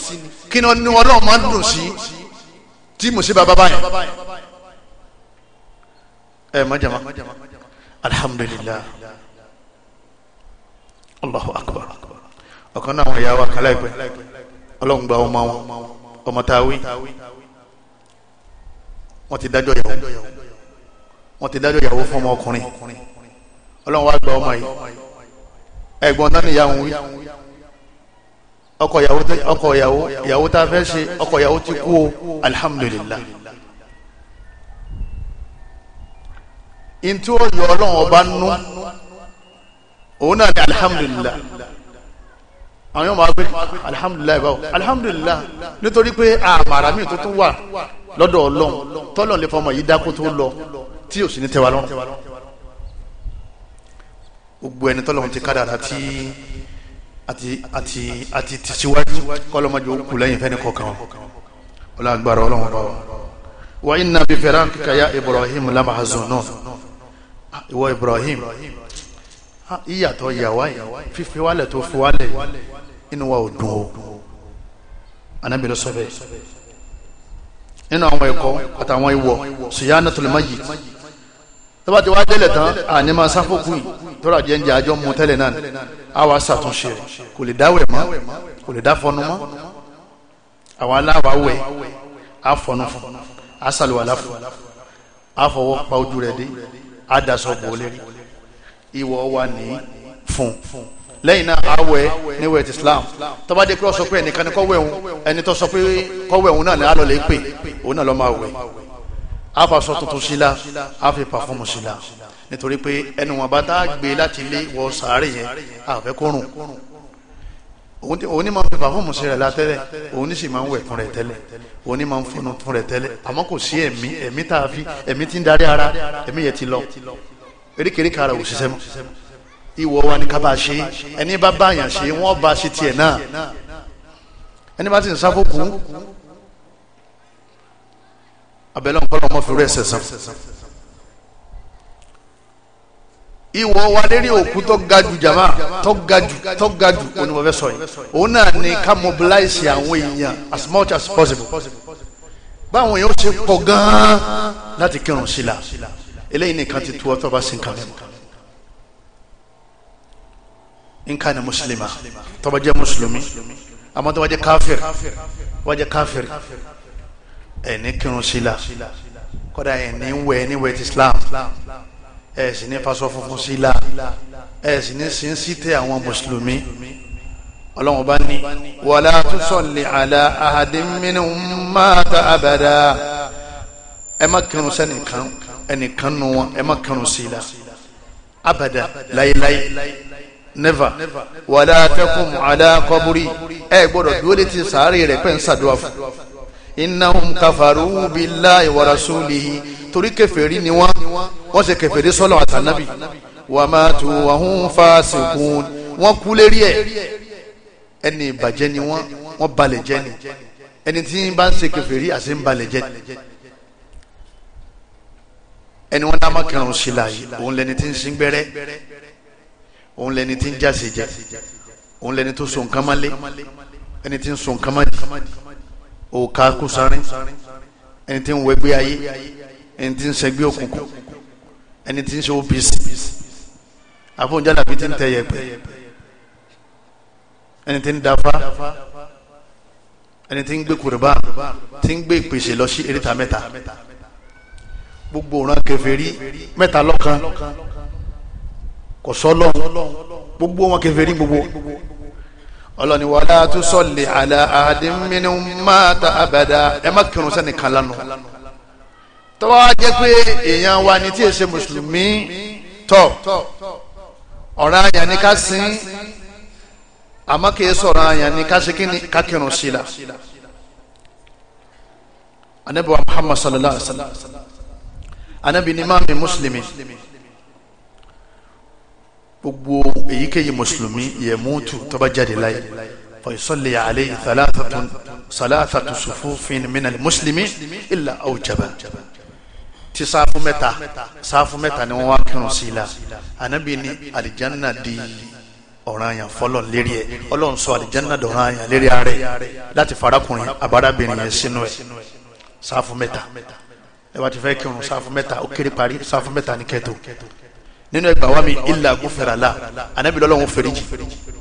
kí ni inú ọlọ́run máa dùn sí tí mo ṣe bàbá báyẹn ẹ má jama alhamdulilah allahu akbar ọkàn náà wọn yà wá kálá ìpè ọlọ́run gba ọmọ wọn ọmọ táwí wọ́n ti dájọ́ ìyàwó wọ́n ti dájọ́ ìyàwó fún ọmọ ọkùnrin ọlọ́run wá gba ọmọ yìí ẹ̀gbọ́n tán ni ìyàwó wí ọkọ ìyàwó ọkọ ìyàwó ìyàwó tá a fẹ́ ṣe ọkọ ìyàwó ti kú o alhamdulillah ntí ó yọ ọlọ́run ọba nú òun náà ni alhamdulillah àwọn yóò máa gbé alhamdulillah báwo alhamdulillah nítorí pé àmàrà mi tuntun wà lọ́dọ̀ ọlọ́run tọ́lọ́run lè fọmọ yìí dákó tó lọ tí ò sì ní tẹ́wa lọ́rùn gbogbo ẹni tọ́lọ́run ti kádàrà tí àti àti àti ti síwájú kọ́lọ́mọdé òkú lẹ́yìn fẹ́ni kọ̀ọ̀kan ọlọ́run agbára ọlọ́run bá wa. wa inna bi firaqika ya Ibrahim lamahzunun ah, ìwọ Ibrahim ah, ìyàtọ̀ yàwá yìí fífi wálẹ̀ tó fi wálẹ̀ inú wa ò dùn o anábìlẹ̀ sọ bẹ́ẹ̀ nínú àwọn ẹ̀kọ́ àtàwọn ìwọ̀ sùyánà tòlùmáyì tó bá ti wá délẹ̀ tán àní máa sáfòkù yìí tó rà jẹ́ǹjẹ́ àjọ mu tẹ́lẹ̀ náà ni a wá ṣàtúnṣe rẹ̀ kò lè dáwẹ̀ mọ́ kò lè dáfọnu mọ́ àwọn aláwa á fọnu fún á sàlùwàlá fún á fọwọ́ pa ojú rẹ̀ dé á dasọ̀ bò lérí ìwọ̀ wa ní fún lẹ́yìn náà àwẹ̀ níwẹ̀ ti Islam tó bá dé pé ó sọ pé ẹnìkan ni kọ́wẹ̀ òun ẹni tó sọ pé kọ́wẹ̀ òun náà ni alọ́lẹ̀ pè òun náà lọ́ máa wẹ̀ àfàsọ tuntun sí la pàfọ́mù sí nítorí pé ẹnu wọn bá tá a gbé láti ilé wọ sàárè yẹn àfẹ́ kórùn òun ní máa fi pàfọ́mù sí rẹ̀ látẹ́lẹ̀ òun ní sì máa ń wẹ̀ fún rẹ̀ tẹ́lẹ̀ òun ní máa ń fọnù fún rẹ̀ tẹ́lẹ̀ àmọ́ kò sí ẹ̀mí ẹ̀mí tá a fi ẹ̀mí ti ń darí ara ẹ̀mí yẹn ti lọ eríkèéríkà ara òṣìṣẹ́ mọ́ ìwọ wa ni ká bá ṣe ẹni bá báyàn ṣe wọ́n bá ṣe tiẹ̀ náà ẹni bá ti ń sáfòkù abẹ́lẹ́ nǹkan lọ́mọ fi rú ẹsẹ̀ sàn. ìwọ wa lérí òkú tó ga jù jàmá tó ga jù tó ga jù onímọ̀fẹ́ sọ yìí òun náà ni ká mobilize àwọn èèyàn as much as possible báwọn èèyàn ṣe pọ̀ gan-an láti kírun sí la eléyìí nìkan ti tu ọ́ tó bá sin kan mẹ́mọ́ nǹkan ni mùsùlùmá tó bá jẹ́ mùsùlùmí àmọ́ tó bá jẹ́ káfíìr tó bá jẹ́ káfíìr ẹni kírun síla kódà ẹni wẹ ẹni wẹ ti islam ẹ sì ní faṣọ funfun síla ẹ sì ní sin síte àwọn mùsùlùmí ọlọ́run bá ní wàlá tusalli ala ahadin minhum mata abada ẹ má kírun sẹ́nìkan ẹnìkan nù wọn ẹ má kírun síla abada láyéláyé never wàlá tẹkùn àlá kọbúrí ẹ gbọ́dọ̀ dúró létí sàárè rẹ̀ pẹ́ ń sàdúrà fún innahum kafaru billahi wa rasulihi torí kèfèrí ni wọ́n wọ́n ṣe kèfèrí sọ́lọ̀ àtànábì wa matu wa hum fasiqun wọ́n kú lérí ẹ̀ ẹni ìbàjẹ́ ni wọ́n wọ́n balẹ̀ jẹ́ ni ẹni tí bá ń ṣe kèfèrí àti ń balẹ̀ jẹ́ ni ẹni wọ́n dá má kẹrùn sí òun lẹni tí ń jáse jẹ òun lẹni tó so nǹkan mọ́lé ẹni tí ń so nǹkan mọ́lé òòkà kùsànrín ẹni tí ń wẹgbẹ́ ayé ẹni tí ń sẹgbẹ́ òkùnkùn ẹni tí ń ṣe opc àfọ̀njálà bíi ti ń tẹ yẹpẹ ẹni tí ń dafa ẹni tí ń gbé kùrìbá tí ń gbé ìpèsè lọ sí eréta mẹ́ta gbogbo òran kèfèrí mẹ́ta lọ́kan kò sọ́lọ́ gbogbo wọn kèfèrí gbogbo ọlọ́ni wala tusalli ala ahadin minhum mata abada ẹ má kírun sẹ́ni kan lánàá tọ́wọ́ jẹ́ pé èèyàn wa ni tí èsè mùsùlùmí tọ̀ ọ̀ràn àyàn ni ká sin àmọ́ kìí sọ̀rọ̀ àyàn ni ká ṣe kí ni ká kírun sí la anabi wa muhammad sallallahu alaihi wa sallam anabi ni maami muslimi. muslimi gbogbo èyíkéyìí mùsùlùmí yẹmútu tó bá jáde láyé fọyìsọlẹ àlẹ ìtàlátàtún sàlátàtún sùfúfin minal mùsùlùmí ìlà àwùjàbá ti sáfù mẹ́ta sáfù mẹ́ta ni wọn wá kírun sí i la ànábì ní àlìjánná di ọ̀ràn àyàn fọlọ́n lérí ẹ̀ ọlọ́run sọ àlìjánná dọ̀ràn àyàn lérí ààrẹ láti farakùnrin àbárábìnrin yẹn sínú ẹ̀ sáfù mẹ́ta ẹ bá ti kírun sáfù mẹ́ta ó kéré parí sáfù mẹ́ta ní kẹ́tò nínú ẹgbà wa mi ilà gúfẹ̀rẹ̀ la anabi lọ́lọ́run fèrèjì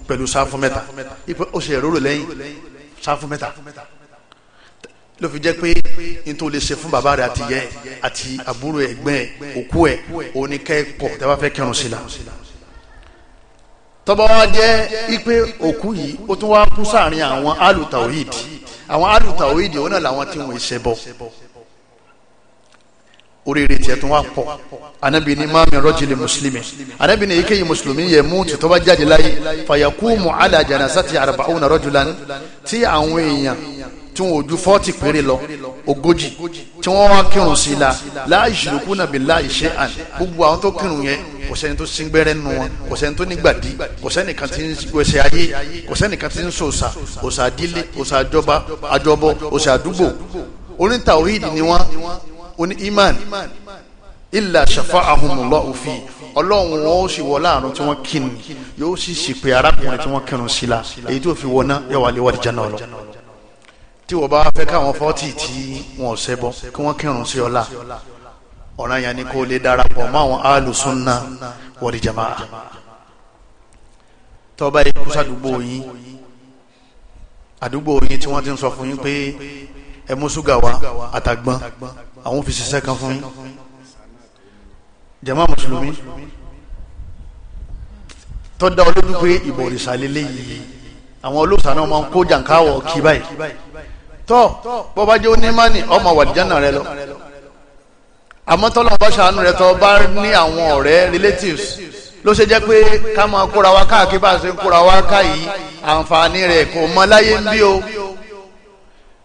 pẹ̀lú sáfù mẹ́ta ipe ó ṣe ìrorò lẹ́yìn sáfù mẹ́ta ló fi jẹ́ pé n tó lè ṣe fún bàbá rẹ̀ àti yẹ àti àbúrò ẹ̀gbọ́n òkú ẹ̀ oníkẹ́kọ̀ọ́ tẹ́ bá fẹ́ kírun sí la tọ́ba wa jẹ́ ipe òkú yìí ó tún wá kú sáàrin àwọn alùtàwíìdì àwọn alùtàwíìdì òun náà làwọn tí wọ́n oríire tiẹ̀ tún wá pọ̀ anabi ni maami rọ́jìlì mùsùlùmí anabi ni èyíkéyìí mùsùlùmí yẹ mú tìtọ́ bá jáde láyé fayakumu ala janazati arba'una rajulan tí àwọn èèyàn tí wọn ò ju fọ́ọ̀tì péré lọ ogójì tí wọ́n wá kírun sí i la la yushrikuna billahi shay'an gbogbo àwọn tó kírun yẹn kò sẹ́ni tó síngbẹ́rẹ́ nu wọn kò sẹ́ni tó nígbàdí kò sẹ́ni kan tí ń gbèsè ayé kò sẹ́ni kan tí ń sòsà òsà dílé òsà àjọba àjọbọ òsà àdúgbò onítàwíìdì ni wọn ó ní iman ilà ṣàfà ahùnmùlọ òfin ọlọ́run wọn ó sì wọ láàrin tí wọ́n kíni yóò sì ṣèpè arákùnrin tí wọ́n kírun sí la èyí tó fi wọná yóò wà léwà ìjànà ọlọ tí wọ́n bá fẹ́ káwọn fọ́tì tí wọ́n ṣẹ́ bọ́ kí wọ́n kírun sí ọlá ọ̀ràn yẹn ni kó lè darapọ̀ mọ́ àwọn alùsùnà wọ̀dì jamaa tọ́ba ikú sádùúgbò yín àdúgbò yín tí wọ́n ti ń sọ fún yín pé ẹ mú ṣúgà wá àtàgbọ́n àwọn fi ṣiṣẹ́ kan fún yín jàmá mùsùlùmí tọ́da olójú pé ìbọ̀rìṣà lélẹ́yìí àwọn olóòsàn náà máa ń kó jàǹkáwọ̀ kí báyìí tọ́ bọ́bá jẹ́ onímánì ọmọ wàdìjánà rẹ lọ àmọ́ tọ́lọ́ bá ṣàánú rẹ tọ́ bá ní àwọn ọ̀rẹ́ relatives ló ṣe jẹ́ pé ká máa kóra wa káàkiri bá ṣe ń kóra wa káyìí àǹfààní rẹ̀ kò mọ láyé ń bí o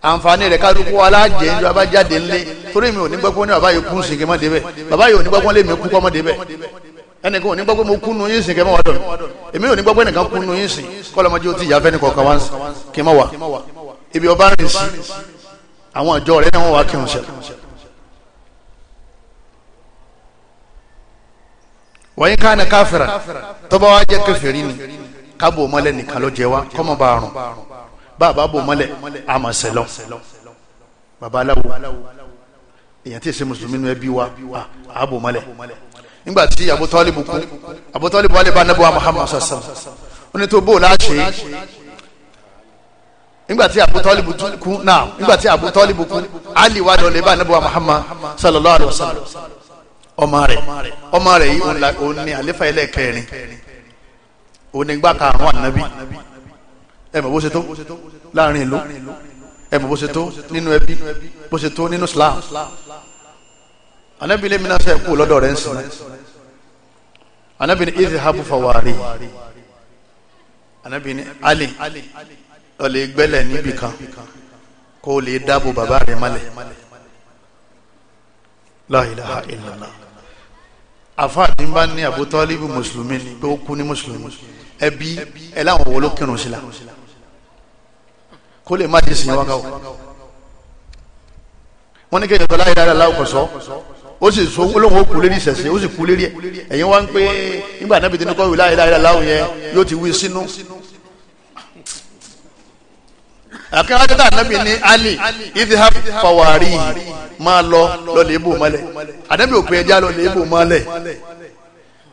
àǹfààní rẹ̀ kálukú alájẹ ìjọ abájáde ńlé torí mi ò ní gbọ́pọ́ ní bàbá yìí kún sìnkì mọ́ débẹ̀ bàbá yìí ò ní gbọ́pọ́ lé mi kú kọ́ mọ́ débẹ̀ ẹnìkan ò ní gbọ́pọ́ mo kún nu yín sìnkì mọ́ wà dọ̀rọ̀ èmi ò ní gbọ́pọ́ ẹnìkan kún nu yín sìn kọ́lọ́mọdé ó ti yàfẹ́ ní kọ̀ọ̀kan wá kí n má wà ibi ọba rìn sí àwọn ìjọ rẹ̀ náà wà kí n sẹ́ wọ́n ká káfíra tọ́ba wa jẹ́ kẹfẹ́rí ni kábò bàbá bò mọ́lẹ̀ àmọ́ sẹ́lọ̀ bàbá aláwo èèyàn tí ì ṣe mùsùlùmí nu ẹbí wa àbò mọ́lẹ̀ nígbà tí àbótọ́lìbù kú àbótọ́lìbù wà bá anábọ̀ Muhammad sọ̀sọ̀ ó ní tó bò láṣẹ nígbà tí àbótọ́lìbù Na, náà nígbà tí àbótọ́lìbù kú Ali wà lọ lè bá anábọ̀ Muhammad sallallahu alaihi wasallam ọmọ rẹ ọmọ rẹ yìí òun ni àlefa ẹlẹ́kẹrin òun ni gbàkà àwọn ànábì ẹ mọ̀ bó ṣe tó láàrin ìlú ẹ mọ̀ bó ṣe tó nínú ẹbí bó ṣe tó nínú Islam anabi lèmi náà fẹ́ kú lọ́dọ̀ rẹ̀ ń sìn anabi ni idhabu fawari anabi ni ali ọ̀lẹ́ gbẹ́lẹ̀ níbì kan kó o lè dáàbò bàbá rẹ̀ malẹ̀ la ilaha àfáà tí ń bá ní Abu mùsùlùmí ni pé ó kú ní mùsùlùmí ẹbí ẹ láwọn wo kírun sí la kó lè má ti sìn wọn káwọ wọn ní kéde tọ́lá ìdára láwùkọ̀sọ́ ó sì so olóhùn ó kú lérí ìṣẹ̀ṣẹ̀ ó sì kú lérí ẹ̀ ẹ̀yin wá ń pé nígbà náà bìtẹ́ ní kọ́ ìlà ìdára láwùn yẹn yóò ti wí sínú. àkàrà tó ànábì ní ali idihab fawari máa lọ lọ lè bò mọ́lẹ̀ ànábì òpin ẹja lọ lè bò mọ́lẹ̀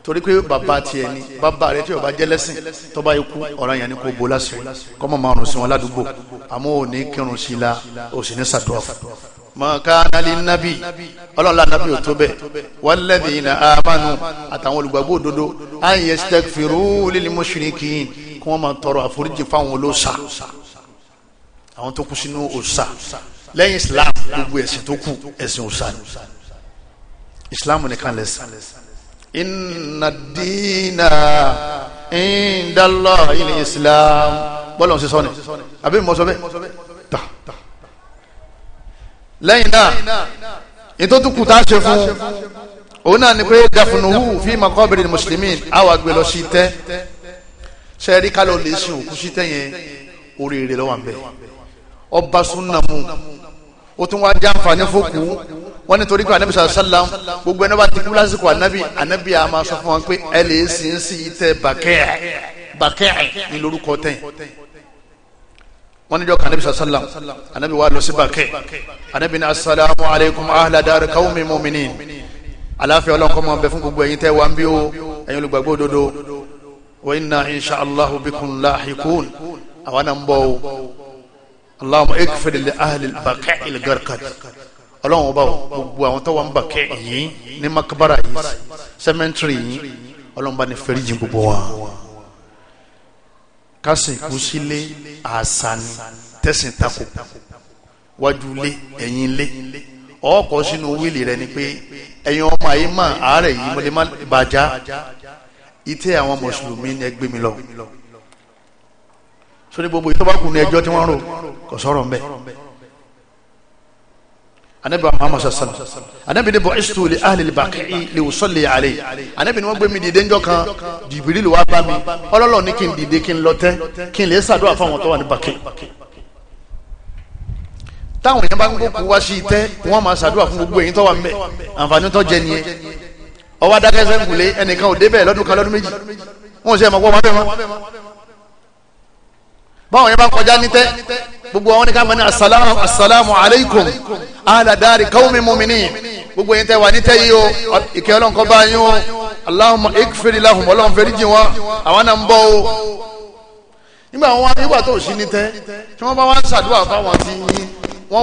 torí pé bàbá tiẹ̀ ni bàbá rẹ tí o bá jẹ́ lẹ́sìn tó bá ikú ọ̀ràn yẹn ni kò bó lásìkò kọ́mọ máa rùn sí wọn ládùúgbò àmọ́ ò ní kírun sí la ò sì ní sàdúrà fún mọ̀kánálí nábì ọlọ́lá nábì ò tó bẹ́ẹ̀ walladhina amanu àtàwọn olùgbàgbọ́ òdodo an yastaghfiru lil mushrikin kí wọ́n máa tọrọ àforíjì fáwọn olóòṣà àwọn tó kú sínú òòṣà lẹ́yìn islam gbogbo ẹ̀sìn tó kù ẹ̀sìn òòṣà ni islam nìkan lẹ́sìn inna dina indala ilẹ̀ islam bọ́lá ọ̀sẹ̀ sọ́ni àbí mọ̀sọ́ bẹ́ẹ̀ ta lẹ́yìn náà ètò tó kù tá a ṣe fún òun náà ni pé dafunuhu fi makobiri muslimin awa gbé lọ sí tẹ́ sẹ́ẹ̀rí kálọ̀ lè sin òkú sí tẹ́ yẹn oríire lọ́wọ́ àbẹ̀ ọba súnà mu ó tún wá jẹ́ àǹfààní fòkú wọ́n ní torí pé anabi sọ̀rọ̀ sálàm gbogbo ẹni bá ti kú lásìkò anabi anabi àmà sọ fún wọn pé ẹ lè sìn sí ìtẹ́ bàkẹ́ẹ̀ bàkẹ́ẹ̀ ní lórúkọ tẹ́yìn wọ́n níjọ́ kan anabi sọ̀rọ̀ sálàm anabi wà lọ sí bàkẹ́ anabi ní asalaamu alaykum ahla dar kawmi muminin aláfẹ́ ọlọ́kọ́ mọ̀ bẹ fún gbogbo ẹ̀yin tẹ́ wà ń bí o ẹ̀yin olùgbàgbọ́ òdodo wa inna insha allahu bikum lahikun àwọn náà ń bọ̀ o allahumma ekfere li ahli bàkẹ́ ilgarkad ọlọ́run ọba gbogbo àwọn tó wà ń bà kẹ́ yìí ní makabara yìí sẹ́mẹ́ntìrì yìí ọlọ́run bá ní fẹ́ríjì gbogbo wa kásìn kú sílé àṣà ni tẹ̀sìn tako wájú lé ẹ̀yìn lé ọkọ̀ sínú wíìlì rẹ ni pé ẹ̀yin ọmọ ayé mà àárẹ̀ yìí mo lè má bàjá ìtẹ́ àwọn mùsùlùmí ni ẹ gbé mi lọ sórí gbogbo ìtọ́bákùnrin ẹjọ́ tí wọ́n rò kò sọ̀rọ̀ mbẹ́ anabi muhammad sallallahu alaihi wasallam anabi ni bu'istu li ahli al-baqi'i li usalli alayhi anabi ni wọ́n gbé mi dìde ńjọ́ kan jìbìrì ló wá bá mi ọlọ́lọ́ ní kí n dìde kí n lọ tẹ́ kí n lè ṣàdúrà fáwọn tó wà ní bàkì táwọn èèyàn bá ń gbókù wá sí itẹ́ wọ́n máa ṣàdúrà fún gbogbo èyí tó wà ńbẹ̀ àǹfààní tó jẹ nìyẹn ọwọ́ adákẹ́sẹ́ ń kùlé ẹnìkan ò débẹ̀ kan lọ́dún méjì wọ́n sì ẹ̀ wọn bẹ́ẹ̀ mọ́ báwọn èèyàn bá kọjá nítẹ́ gbogbo àwọn nìkan mọ̀ ní asalaamu asalaamu aleykum aladari kawmi mumini gbogbo yẹn tẹ wà ní tẹ́yí o ìkẹ́ ọlọ́run kọ́ bá yín o Allahumma ikfiri lahum ọlọ́run fẹ́rí jìn wọn àwọn náà ń bọ̀ o nígbà wọn nígbà tó sí ní tẹ́ tí wọ́n bá wá ń ṣàdúrà fáwọn tí yín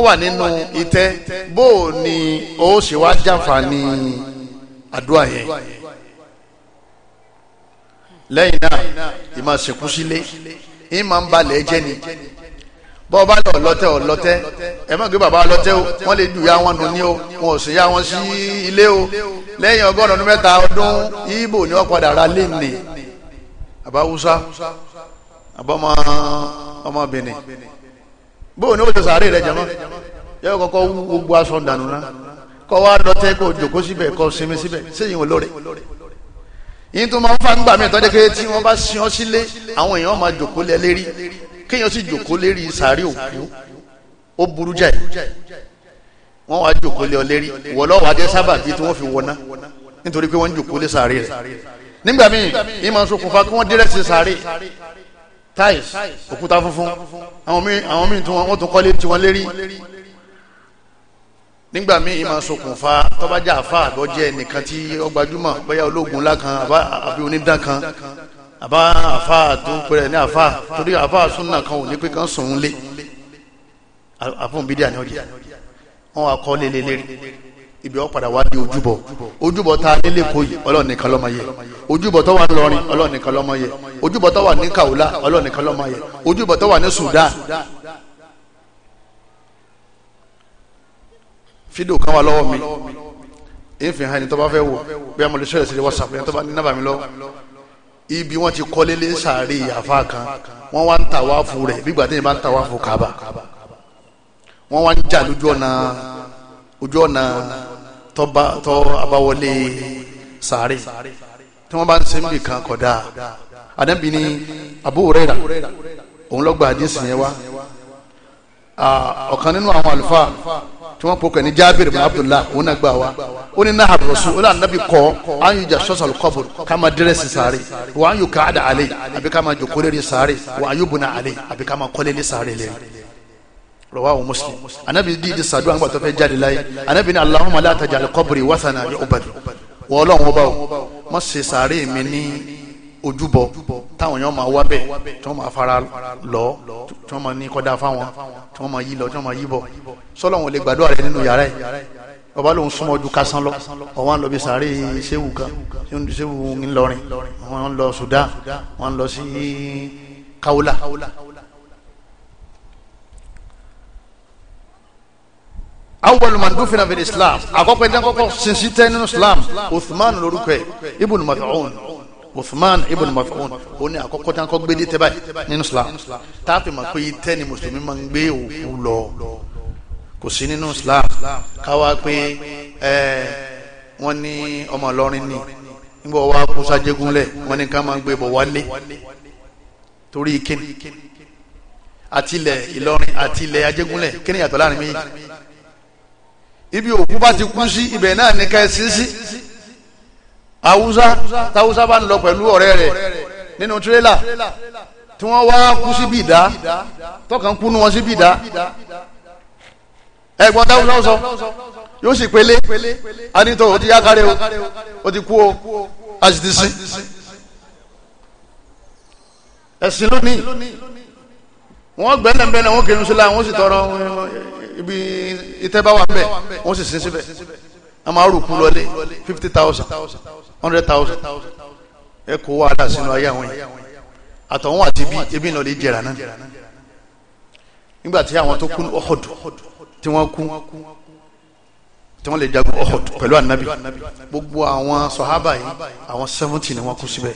wà nínú ìtẹ́ bó o ní o ṣe wá jàǹfààní àdúrà yẹn lẹ́yìn náà ìmọ̀ ṣèkú sílé ìmọ̀ ń balẹ̀ jẹ́ ni bọ́ọ̀ bá lọ lọ́tẹ́ ọ lọ́tẹ́ ẹ má gbé bàbá lọ́tẹ́ o wọ́n lè dùn ya wọn nù ní o wọn ò sì ya wọn sí ilé o lẹ́yìn ọgọ́rùn ọdún mẹ́ta ọdún ibo ni wọ́n padà ra lé nì àbá Hausa àbá ọmọ ọmọ Benin bóò ni ó ti sàárè rẹ jẹmọ yẹ kọ́kọ́ wú gbogbo aṣọ dànù ná kọ wá lọ́tẹ́ kó jòkó síbẹ̀ kó sinmi síbẹ̀ sẹ́yìn olóore yìí tó máa ń fa ń gbà mí tọ́jú pé kéèyàn sì jòkó lérí sàárì òkú ó burú jáì wọ́n wá jòkó lé ọ lérí wọ́n lọ́wọ́ adé sábàbí tí wọ́n fi wọ́ná nítorí pé wọ́n ń jòkó lé sàárì rẹ̀ nígbà míì yìí máa ń ṣokùnfà kí wọ́n dírẹ́tì sàárì tiles òkúta funfun àwọn míì àwọn míì tí wọ́n tún kọ́lé tí wọ́n lérí nígbà míì máa ṣokùnfà tọ́bajá àfa àgọ́jẹ́ nìkan tí ó gbajúmọ̀ ológun lákan àbí onídán kan àbá àfa tó ń pẹrẹ ní àfa torí àfa súnà kan ò ní pé kán sùn lé àfọ̀nbídé àníọ̀jẹ̀ wọn wà kọ́ lé lé lérí ibi wọn padà wá di ojúbọ ojúbọ tá a nílé kó yìí ọlọ́ọ̀ni kan lọ́mọ yẹ ojúbọ tó wà ní lọrin ọlọ́ọ̀ni kan lọ́mọ yẹ ojúbọ tó wà ní kàwùlà ọlọ́ọ̀ni kan lọ́mọ yẹ ojúbọ tó wà ní Sudan fídíò kan wà lọ́wọ́ mi èéfì hàn ẹni tó bá fẹ́ wò bí amọ̀lẹ́sọ̀rọ̀ sí wọ́sàpù ẹni tó bá ní nábàámi lọ́wọ́ ibi wọ́n ti kọ́ lélẹ́ sàárè àfa kan wọ́n wá ń tàwáfù rẹ̀ bí gbàdéyìn bá ń tàwáfù kábà wọ́n wá ń jà lójú ọ̀nà ojú ọ̀nà tọ́ba tọ́ abáwọlé sàárè tí wọ́n bá ń ṣe níbi kan kódà àdẹ́bí ni Abu Huraira òun lọ́gbà àdínsìn yẹn wá ọ̀kan nínú àwọn àlùfáà tí wọ́n pokàn ní jábìrì bin abdullah òun náà gbà wá ó ní náà rasul ó lànà bí kọ́ an yóò jà sọ́sọ̀lù kọ́fù ká máa dírẹ́sì sáré wà á yóò ká àdà àlè àbí ká máa jòkó lérí sáré wà á yóò bùnà àlè àbí ká máa kọ́lé muslim anabi dídí sàdúrà ńgbà tó fẹ́ jáde láyé anabi ní allahumma la tajal qabri wathana yu'bad wọ́ọ́lọ́hún ọba o má ṣe sáré mi ní ojúbọ táwọn yẹn máa wá bẹ́ẹ̀ tí wọ́n máa fara lọ tí wọ́n máa ní kọ́dá fáwọn tí wọ́n máa yí lọ tí wọ́n máa yí bọ̀ sọ́lọ́ wọn lè gbàdúrà rẹ nínú yàrá yìí bàbá lòun súnmọ́ ju kásán lọ ọ̀wọ́n ń lọ bí sàárè sẹ́wù kan sẹ́wù ńlọrin wọ́n ń lọ Sudan wọ́n ń lọ sí Kaula awwalu man dufina fi islam àkọ́kọ́ ẹni àkọ́kọ́ sinsin tẹ nínú islam Uthman lórúkọ ẹ ibùn Mas'ud Uthman ibn Maf'un òun ni àkọ́kọ́ tí wọ́n kọ́ gbé dé tẹ́ báyìí nínú Islam táàpì máa pé tẹ́ ni mùsùlùmí máa ń gbé òkú lọ kò sí nínú Islam káwá pé wọ́n ní ọmọ Ìlọrin ni nígbà wá kú sájégúnlẹ̀ wọ́n ní ká máa gbé bọ̀ wálé torí kíni àtilẹ̀ Ìlọrin àtilẹ̀ ajégúnlẹ̀ kíni yàtọ̀ láàrin méjì ibi òkú bá ti kú sí ibẹ̀ náà ní ká ẹ sí sí awusa tawusa bá ń lọ pẹ̀lú ọ̀rẹ́ rẹ̀ nínú tírélà tí wọ́n wá kú síbi ìdá tọkàn kú nu wọn síbi ìdá ẹ̀gbọ́n tawusa sọ yóò sì pélé anitọ o ti yá kárẹ o o ti kú o a sì ti sin ẹ̀sìn lónìí wọ́n gbẹ́lẹ̀ bẹ́lẹ̀ wọ́n kiri sílá wọ́n sì tọrọ ibi ìtẹ́báwá bẹ́ẹ̀ wọ́n sì sin síbẹ̀ a máa rò fifty thousand hundred thousand ẹ kó wàhálà sínú ayé àwọn yìí àtọ̀hún àti ibi ebi náà lè jẹrà náà nígbà tí àwọn tó kú ní Uhud tí wọ́n kú tí wọ́n lè jagun Uhud pẹ̀lú ànábì gbogbo àwọn sọ̀hábà yìí àwọn seventy ni wọ́n kú síbẹ̀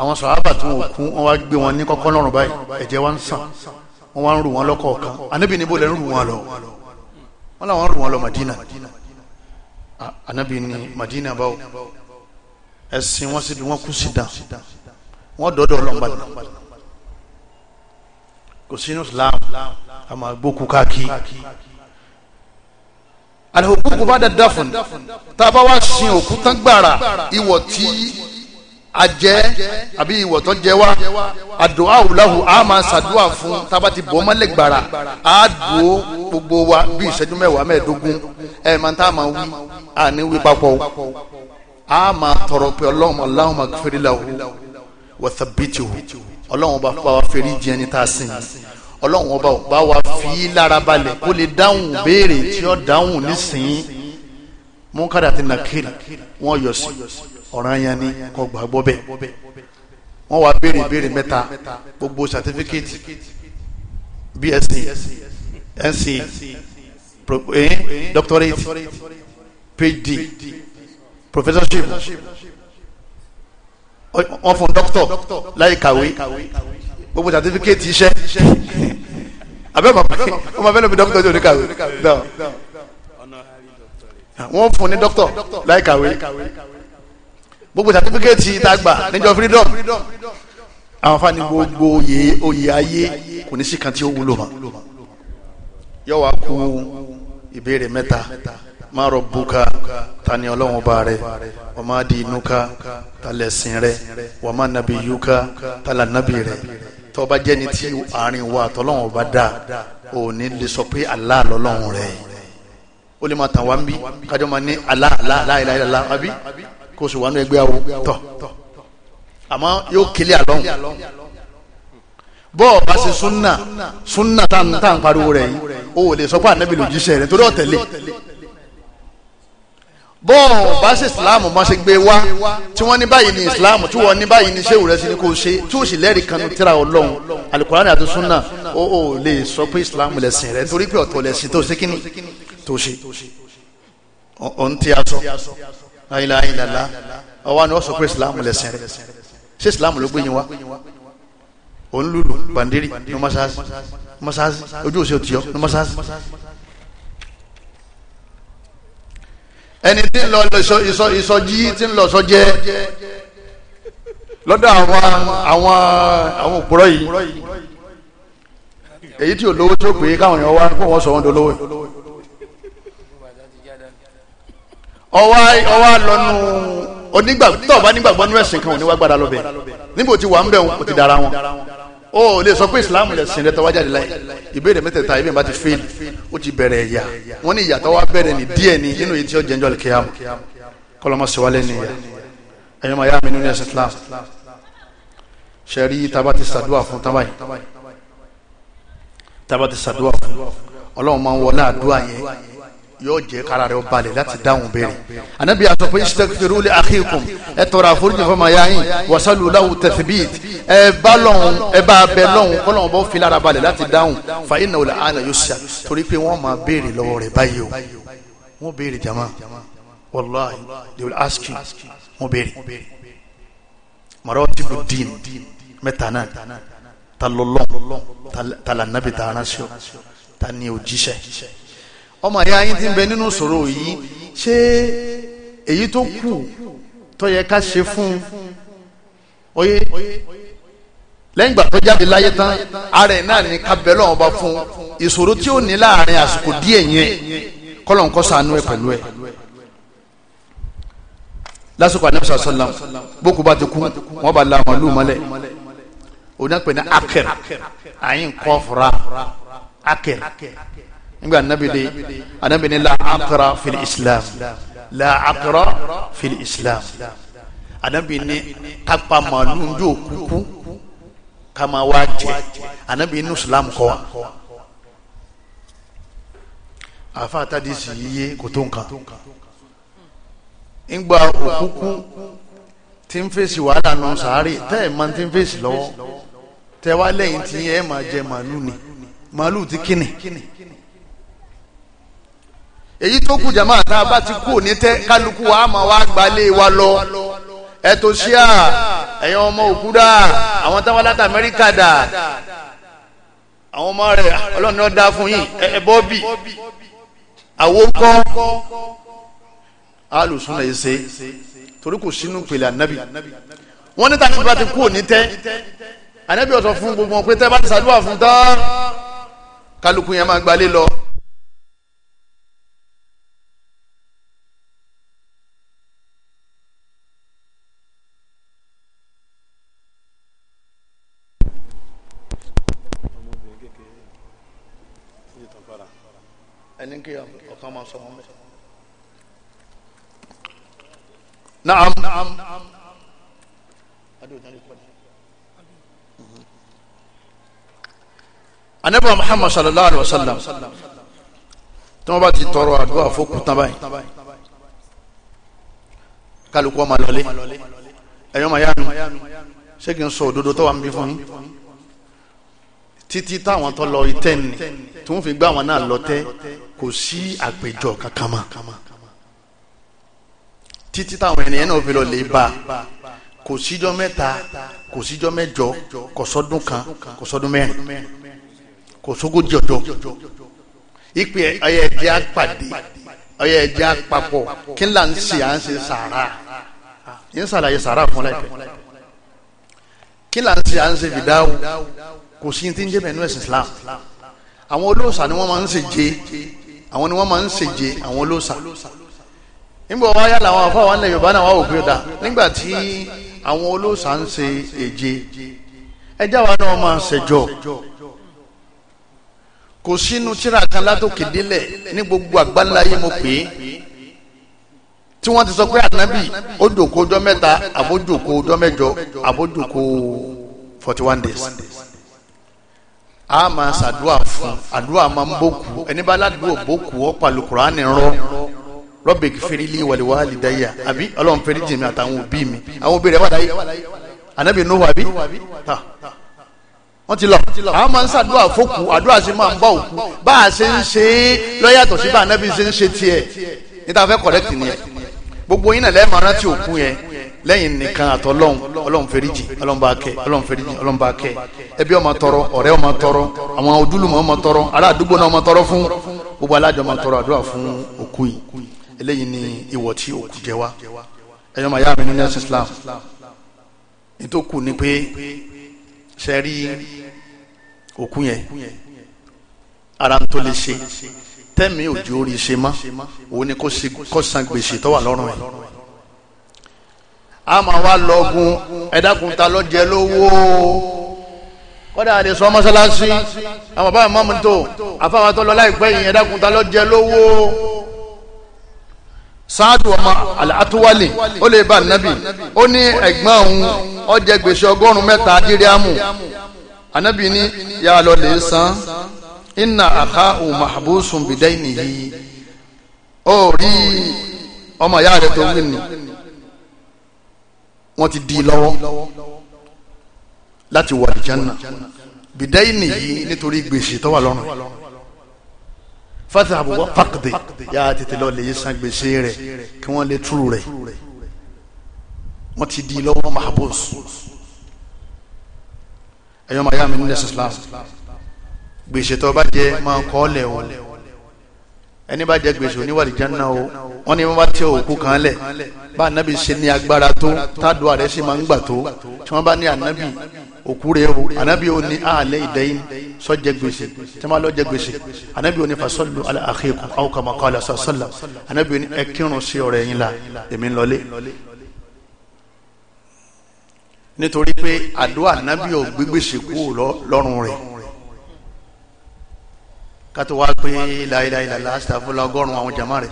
àwọn sọ̀hábà tí wọ́n kú wọ́n wá gbé wọn ní kọ́kọ́ lọ́rùn báyìí ẹ̀jẹ̀ wá ń sàn wọ́n wá ń rù wọn lọ́kọ̀ọ̀kan ànábì níbo lẹ́ ń rù wọn lọ wọ́n làwọn rù wọn lọ Madina anabi ni madina bawo ẹsìn wọn síbi wọn kú sí dán wọn dọdọ ọlọmọba dán kò sínú islam a máa gbókù káàkiri alihukuku bá dá dáfún tá sin òkú gbàrà ìwọ tí ajẹ́ àbí ìwọ̀tọ́ jẹ wá àdùn àwùláhù a máa ṣàdúrà fún tába ti bọ́ mọ́lẹ̀ gbàrà á dùn gbogbo wa bí ìṣẹ́jú mẹ́wàá mẹ́ẹ̀ẹ́dógún ẹ̀ máa tá a máa wí àní wí papọ̀ a máa tọrọ pé ọlọ́run aláwọ̀ máa fẹ́rẹ́ la o wọ́n tẹ̀ bìtì o ọlọ́run bá bá wa fẹ́rẹ́ jẹ́ ní tá sìn ọlọ́run ọba bá wa fi lára balẹ̀ kó lè dáhùn béèrè tí ó dáhùn nísìnyí mú kádà ti nàkiri wọ́n yọ sí ọ̀ràn yẹn ni kò gbàgbọ́ bẹ́ẹ̀ wọ́n wá béèrè béèrè mẹ́ta gbogbo certificate BSc NC eh, doctorate PhD professorship wọ́n fún doctor láì kàwé gbogbo certificate iṣẹ́ abẹ́ ọmọ pàkí ọmọ abẹ́ lómi doctor tó ní kàwé wọ́n fún ní doctor láì kàwé gbogbo sàtífíkẹ́ẹ̀tì tá a gbà níjọ freedom àwọn fani gbogbo oyè oyè ayé kò ní sí kan tí ó wúlò mọ́ yóò wá kú ìbéèrè mẹ́ta ma rọ̀bùkà tani ọlọ́run bá rẹ̀ wa ma dinuka talẹ̀sìn rẹ̀ wa ma nabiyuka talanabi rẹ̀ tó bá jẹ́ni tí àárín wa tọ́lọ́run bá dà ò ní lè sọ pé Allah lọ́lọ́run rẹ̀ ó lè máa tàn wá ń bí kájọ́ máa ní Allah Allah la ilaha àbí kó o sì wà ní ẹgbẹ́ awo tọ̀ àmọ́ yóò kílẹ̀ àlọ́hùn bọ́ọ̀ bá ṣe súnà súnà tá pariwo rẹ̀ yìí o ò lè sọ pé ànábì lòjíṣẹ́ rẹ̀ torí ọ̀tẹ̀lẹ̀ bọ́ọ̀ bá ṣe ìsìláàmù máa ṣe gbé wá tí wọ́n ní báyìí ní ìsìláàmù tí wọ́n ní báyìí ní ṣéwù rẹ̀ sí ni kò ṣe tí ò sì lẹ́rìí kanu tíra ọlọ́run alukurani àti sunna ó ò lè sọ pé ìsìláàmù lẹ̀sìn rẹ̀ torí pé ọ̀tọ̀ lẹ̀sìn tó ṣe kíni tó ṣe ọ̀hún ti aṣọ láyìlá àyìnlá ọwọ́ ni wọ́n sọ pé ìsìláàmù lẹ́sìn rẹ̀ ṣé ìsìláàmù ló gbé yín wá òun lùlù bàndírì ní mọ́sáàsì mọ́sáàsì ojú òsè òtí ọ ní mọ́sáàsì. ẹni tí ń lọ ìsọjí tí ń lọ sọjẹ lọ́dọ̀ àwọn àwọn àwọn òpùrọ́ yìí èyí tí ò lówó tó pè é káwọn èèyàn wá kó wọ́n sọ wọn dolówó yìí. ọwá ọwá lọ́nu onígbàgbọ́ tó bá nígbàgbọ́ nínú ẹ̀sìn kan ò ní wá gbára lọ́bẹ̀ níbo ti wà ń bẹ̀ ò ti dára wọn o lè sọ pé islam lè sin lẹ́tọ́ wájáde láyé ìbéèrè mẹ́tẹ̀ẹ̀ta ìbéèrè bá ti fèèlì ó ti bẹ̀rẹ̀ ẹ̀yà wọ́n ni ìyàtọ̀ wá bẹ̀rẹ̀ ní díẹ̀ ní nínú èyí tí ó jẹ́njọ́ kẹ́yàm kọ́lọ́mọ sọ̀wálẹ̀ ní ìyà ẹ̀yọ́ máa yá mi nínú ẹ̀sìn islam ṣẹ̀rí taba ti sàdúà fún taba yìí taba ti sàdúà fún ọlọ́run máa ń wọlé àdúà yẹn yóò jẹ́ kára rẹ̀ balẹ̀ láti dáhùn béèrè anabi a sọ pé istaghfiru li akhikum ẹ tọrọ àforíjì fún maya yín wasalu lahu tathbit ẹ bá lọ́hùn ẹ bá bẹ lọ́hùn kọ́lọ́hùn bọ́ fi lára balẹ̀ láti dáhùn fa innahu al-ana yus'a torí pé wọ́n máa béèrè lọ́wọ́ rẹ̀ báyìí o wọ́n béèrè jama wallahi they will ask you wọ́n béèrè maratibu din mẹ́ta náà talọ́lọ́ talanabi tààrà sí ọ ta ọmọ ìyá yín ti ń bẹ nínú ìṣòro yìí ṣé èyí tó kù tó yẹ ká ṣe fún un oyè lẹ́yìn ìgbà tó jáde láyé tán ara ẹ̀ náà ní ká bẹ lọ́wọ́ bá fún un ìṣòro tí ó ní láàrin àsìkò díẹ̀ yẹn kọ́lọ́n sànú ẹ̀ pẹ̀lú ẹ̀ lásìkò anamsa sọlám boko bá ti kú wọn bá la wọn lù mọlẹ onípe ní akẹr àyìn kọfura akẹr nígbà anabi de anabi ni la akara fili islam la akara fili islam anabi ni kápá màálù ń jó kúkú ká máa wá jẹ anabi inú islam kọ́ wa àfa àtàdísì yíyé kò tó nǹkan ńgbà òkúkú tí ń fèsì wàhálà nù sàárè tẹ́ ti ń fèsì lọ́wọ́ tẹ́ wá lẹ́yìn tí ẹ máa jẹ màálù ni màálù ti kíni. kíni èyí tó kù jama tá bá ti kú ní tẹ kálukú wa máa wá gbalé wa lọ ẹtò ṣíà ẹ̀yin ọmọ òkúdà àwọn táwọn láti amẹ́ríkà dà àwọn ọmọ rẹ ọlọ́ni ọ̀dà fún yín ẹ bọ́ bì àwòkọ́ alùsùn lè ṣe torí kò sínú pèlè ànábì wọ́n ní bá ti kú ní tẹ́ ànábì ọ̀sọ̀ fún gbogbo wọn pé tẹ́ bá ti ṣàdúrà fún tán kálukú yẹn máa gbalé lọ. sọ wọn bẹ. naam naam anabi muhammad sallallahu alaihi wa sallam tí wọn bá ti tọrọ àdúrà fókun tán báyìí kálukú ọmọ lọlé ẹyọ màyánu ṣé kí n sọ òdodo tó wà títí táwọn tó lọ itẹ́ ni tí wọ́n fi gbá àwọn náà lọ́tẹ́ kò sí àpèjọ kankan mọ́ títí táwọn ènìyàn náà fi lọ lè bá kò síjọ́ mẹ́ta kò síjọ́ mẹ́jọ kò sọ́dún kan kò sọ́dún mẹ́rin kò sógójì ọjọ́ ìpè ọyẹ ẹ̀jẹ̀ àpàdé ọyẹ ẹ̀jẹ̀ àpapọ̀ kí n là ń ṣe à ń ṣe sàrà ń ṣàlàyé sàrà fún láìpẹ́ kí n là ń ṣe à ń ṣe fìdáwò kò sí ti ń jẹ́ mẹ́nu ẹ̀sìn Islam àwọn olóòṣà ni wọ́n máa ń ṣèje àwọn ni wọ́n máa ń ṣèje àwọn olóòṣà nígbà wọ́n yá làwọn afọ àwọn ilẹ̀ Yorùbá náà wà òkú yọ̀dá nígbà tí àwọn olóòṣà ń ṣe èje ẹjá wa náà máa ń kò sínú tíra kan látòkè délẹ̀ ní gbogbo àgbáńláyé mo pè é tí wọ́n ti sọ pé ànábì ó jòkó ọjọ́ mẹ́ta àbójòkó ọjọ́ mẹ́jọ àbójòkó forty one days a máa ṣàdúrà fún àdúrà máa ń bókù ẹni bá ládùúgbò bókù ọ̀pọ̀ alukurani rọ rọ́bì fèrèlì wàlíwàlì dáyà àbí ọlọ́run fèrè jìnnì àtàwọn òbí mi àwọn òbí rẹ̀ wà dáyé ànábì nù wàbí ta wọ́n ti lọ àwọn máa ń ṣàdúrà fókù àdúrà sì máa òkú bá a ṣe ń ṣe é lọ́yàtọ̀ sí bá ànábì ṣe ń ṣe tiẹ̀ níta fẹ́ kọ̀rẹ́tì ni gbogbo yín náà lẹ́ẹ̀ máa rántí òkú yẹn lẹ́yìn nìkan àtọ́lọ́hún ọlọ́run ọlọ́run bá ẹbí ọmọ tọrọ ọ̀rẹ́ ọmọ tọrọ àwọn ojúlùmọ̀ ọmọ tọrọ ará àdúgbò náà ọmọ tọrọ fún gbogbo alájọ ọmọ tọrọ àdúrà fún òkú yìí eléyìí ni ìwọ̀ tí òkú jẹ wá ẹ̀yọ́ màá yá mi nínú ẹ̀sìn Islam nítòkù ni pé ṣe rí òkú yẹn ara ń tó lè ṣe tẹ́mi òjò orí ṣe má òun ni kò san gbèsè tó wà lọ́rùn ẹ̀ a máa wá lọ́gùn ẹ̀dákùn ta lọ́jẹ́ lówó kọ́dà àdè sọ mọ́sálásí àwọn bàbá mọ́mú tó àfáwọn tó lọ láìpẹ́ yìí ẹ̀dá kúta lọ jẹ lówó sáàdù ọmọ àtúwálì ó lè bá nàbì ó ní ẹ̀gbọ́n òun ó gbèsè ọgọ́rùn-ún mẹ́ta díríàmù ànábì ní yà lọ lè san inna akhahu mahbusun bidaynihi ó rí ọmọ ìyá rẹ̀ tó wí ni wọ́n ti di lọ́wọ́ láti wà àlìjánà bìdáyì nìyí nítorí gbèsè tó wà lọ́rùn fati abuwa fakde ya tètè lọ lè san gbèsè rẹ kí wọn lè túrú rẹ wọn ti di lọ́wọ́ mahabus ẹyọ maya mi nílẹ islam gbèsè tó bá jẹ máa kọ lẹ o ẹni bá jẹ gbèsè oníwàlìjánà o wọn ni wọn bá tẹ òkú kan lẹ bá anabi ṣe ní agbára tó tádùá rẹ̀ ṣe máa ń gbà tó tí wọ́n bá ní anabi òkú rẹ̀ o anabi ò ní àlẹ́ ìdẹ́yìn sọ́jẹ́ gbèsè tí wọ́n bá lọ́jẹ́ gbèsè anabi ò ní fasọ́lù ala akhikum aw kama qala sọ́sọ́là anabi ò ní ẹ kírun sí ọ̀rẹ́ yín la èmi ń lọlé nítorí pé àdúrà anabi ò gbégbèsè kú lọ́rùn rẹ̀ kátó wá pé láyéláyé làlá àṣìtàfọ́lá ọgọ́rùn-ún àwọn jàmá rẹ̀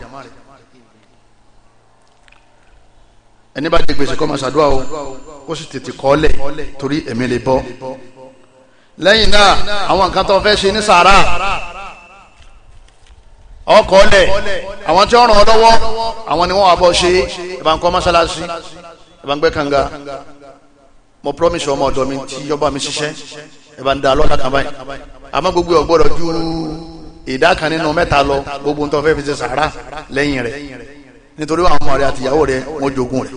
ẹni bá jẹ gbèsè kọ́ máa ṣàdúrà o kó sì tètè kọ́lẹ̀ torí ẹ̀mí lè bọ́ lẹ́yìn náà àwọn nǹkan tó fẹ́ ṣe ní sàárà ọkọ̀ọ́lẹ̀ àwọn tí wọ́n ràn ọ́ lọ́wọ́ àwọn ni wọ́n wà bọ́ ṣe ìbá ń kọ́ mọ́ṣáláṣí ìbá ń gbẹ́ kànga mo promise ọmọ ọ̀dọ́ mi tí yọba mi ṣiṣẹ́ ìbá ń da lọ́la kan báyìí àmọ́ gbogbo ọ̀gbọ́dọ̀ ju ìdá kan nínú mẹ́ta lọ gbogbo ń tó fẹ́ fi ṣe sàárà lẹ́yìn rẹ̀ nítorí àwọn ọmọ rẹ àtìyàwó rẹ wọ́n jogún rẹ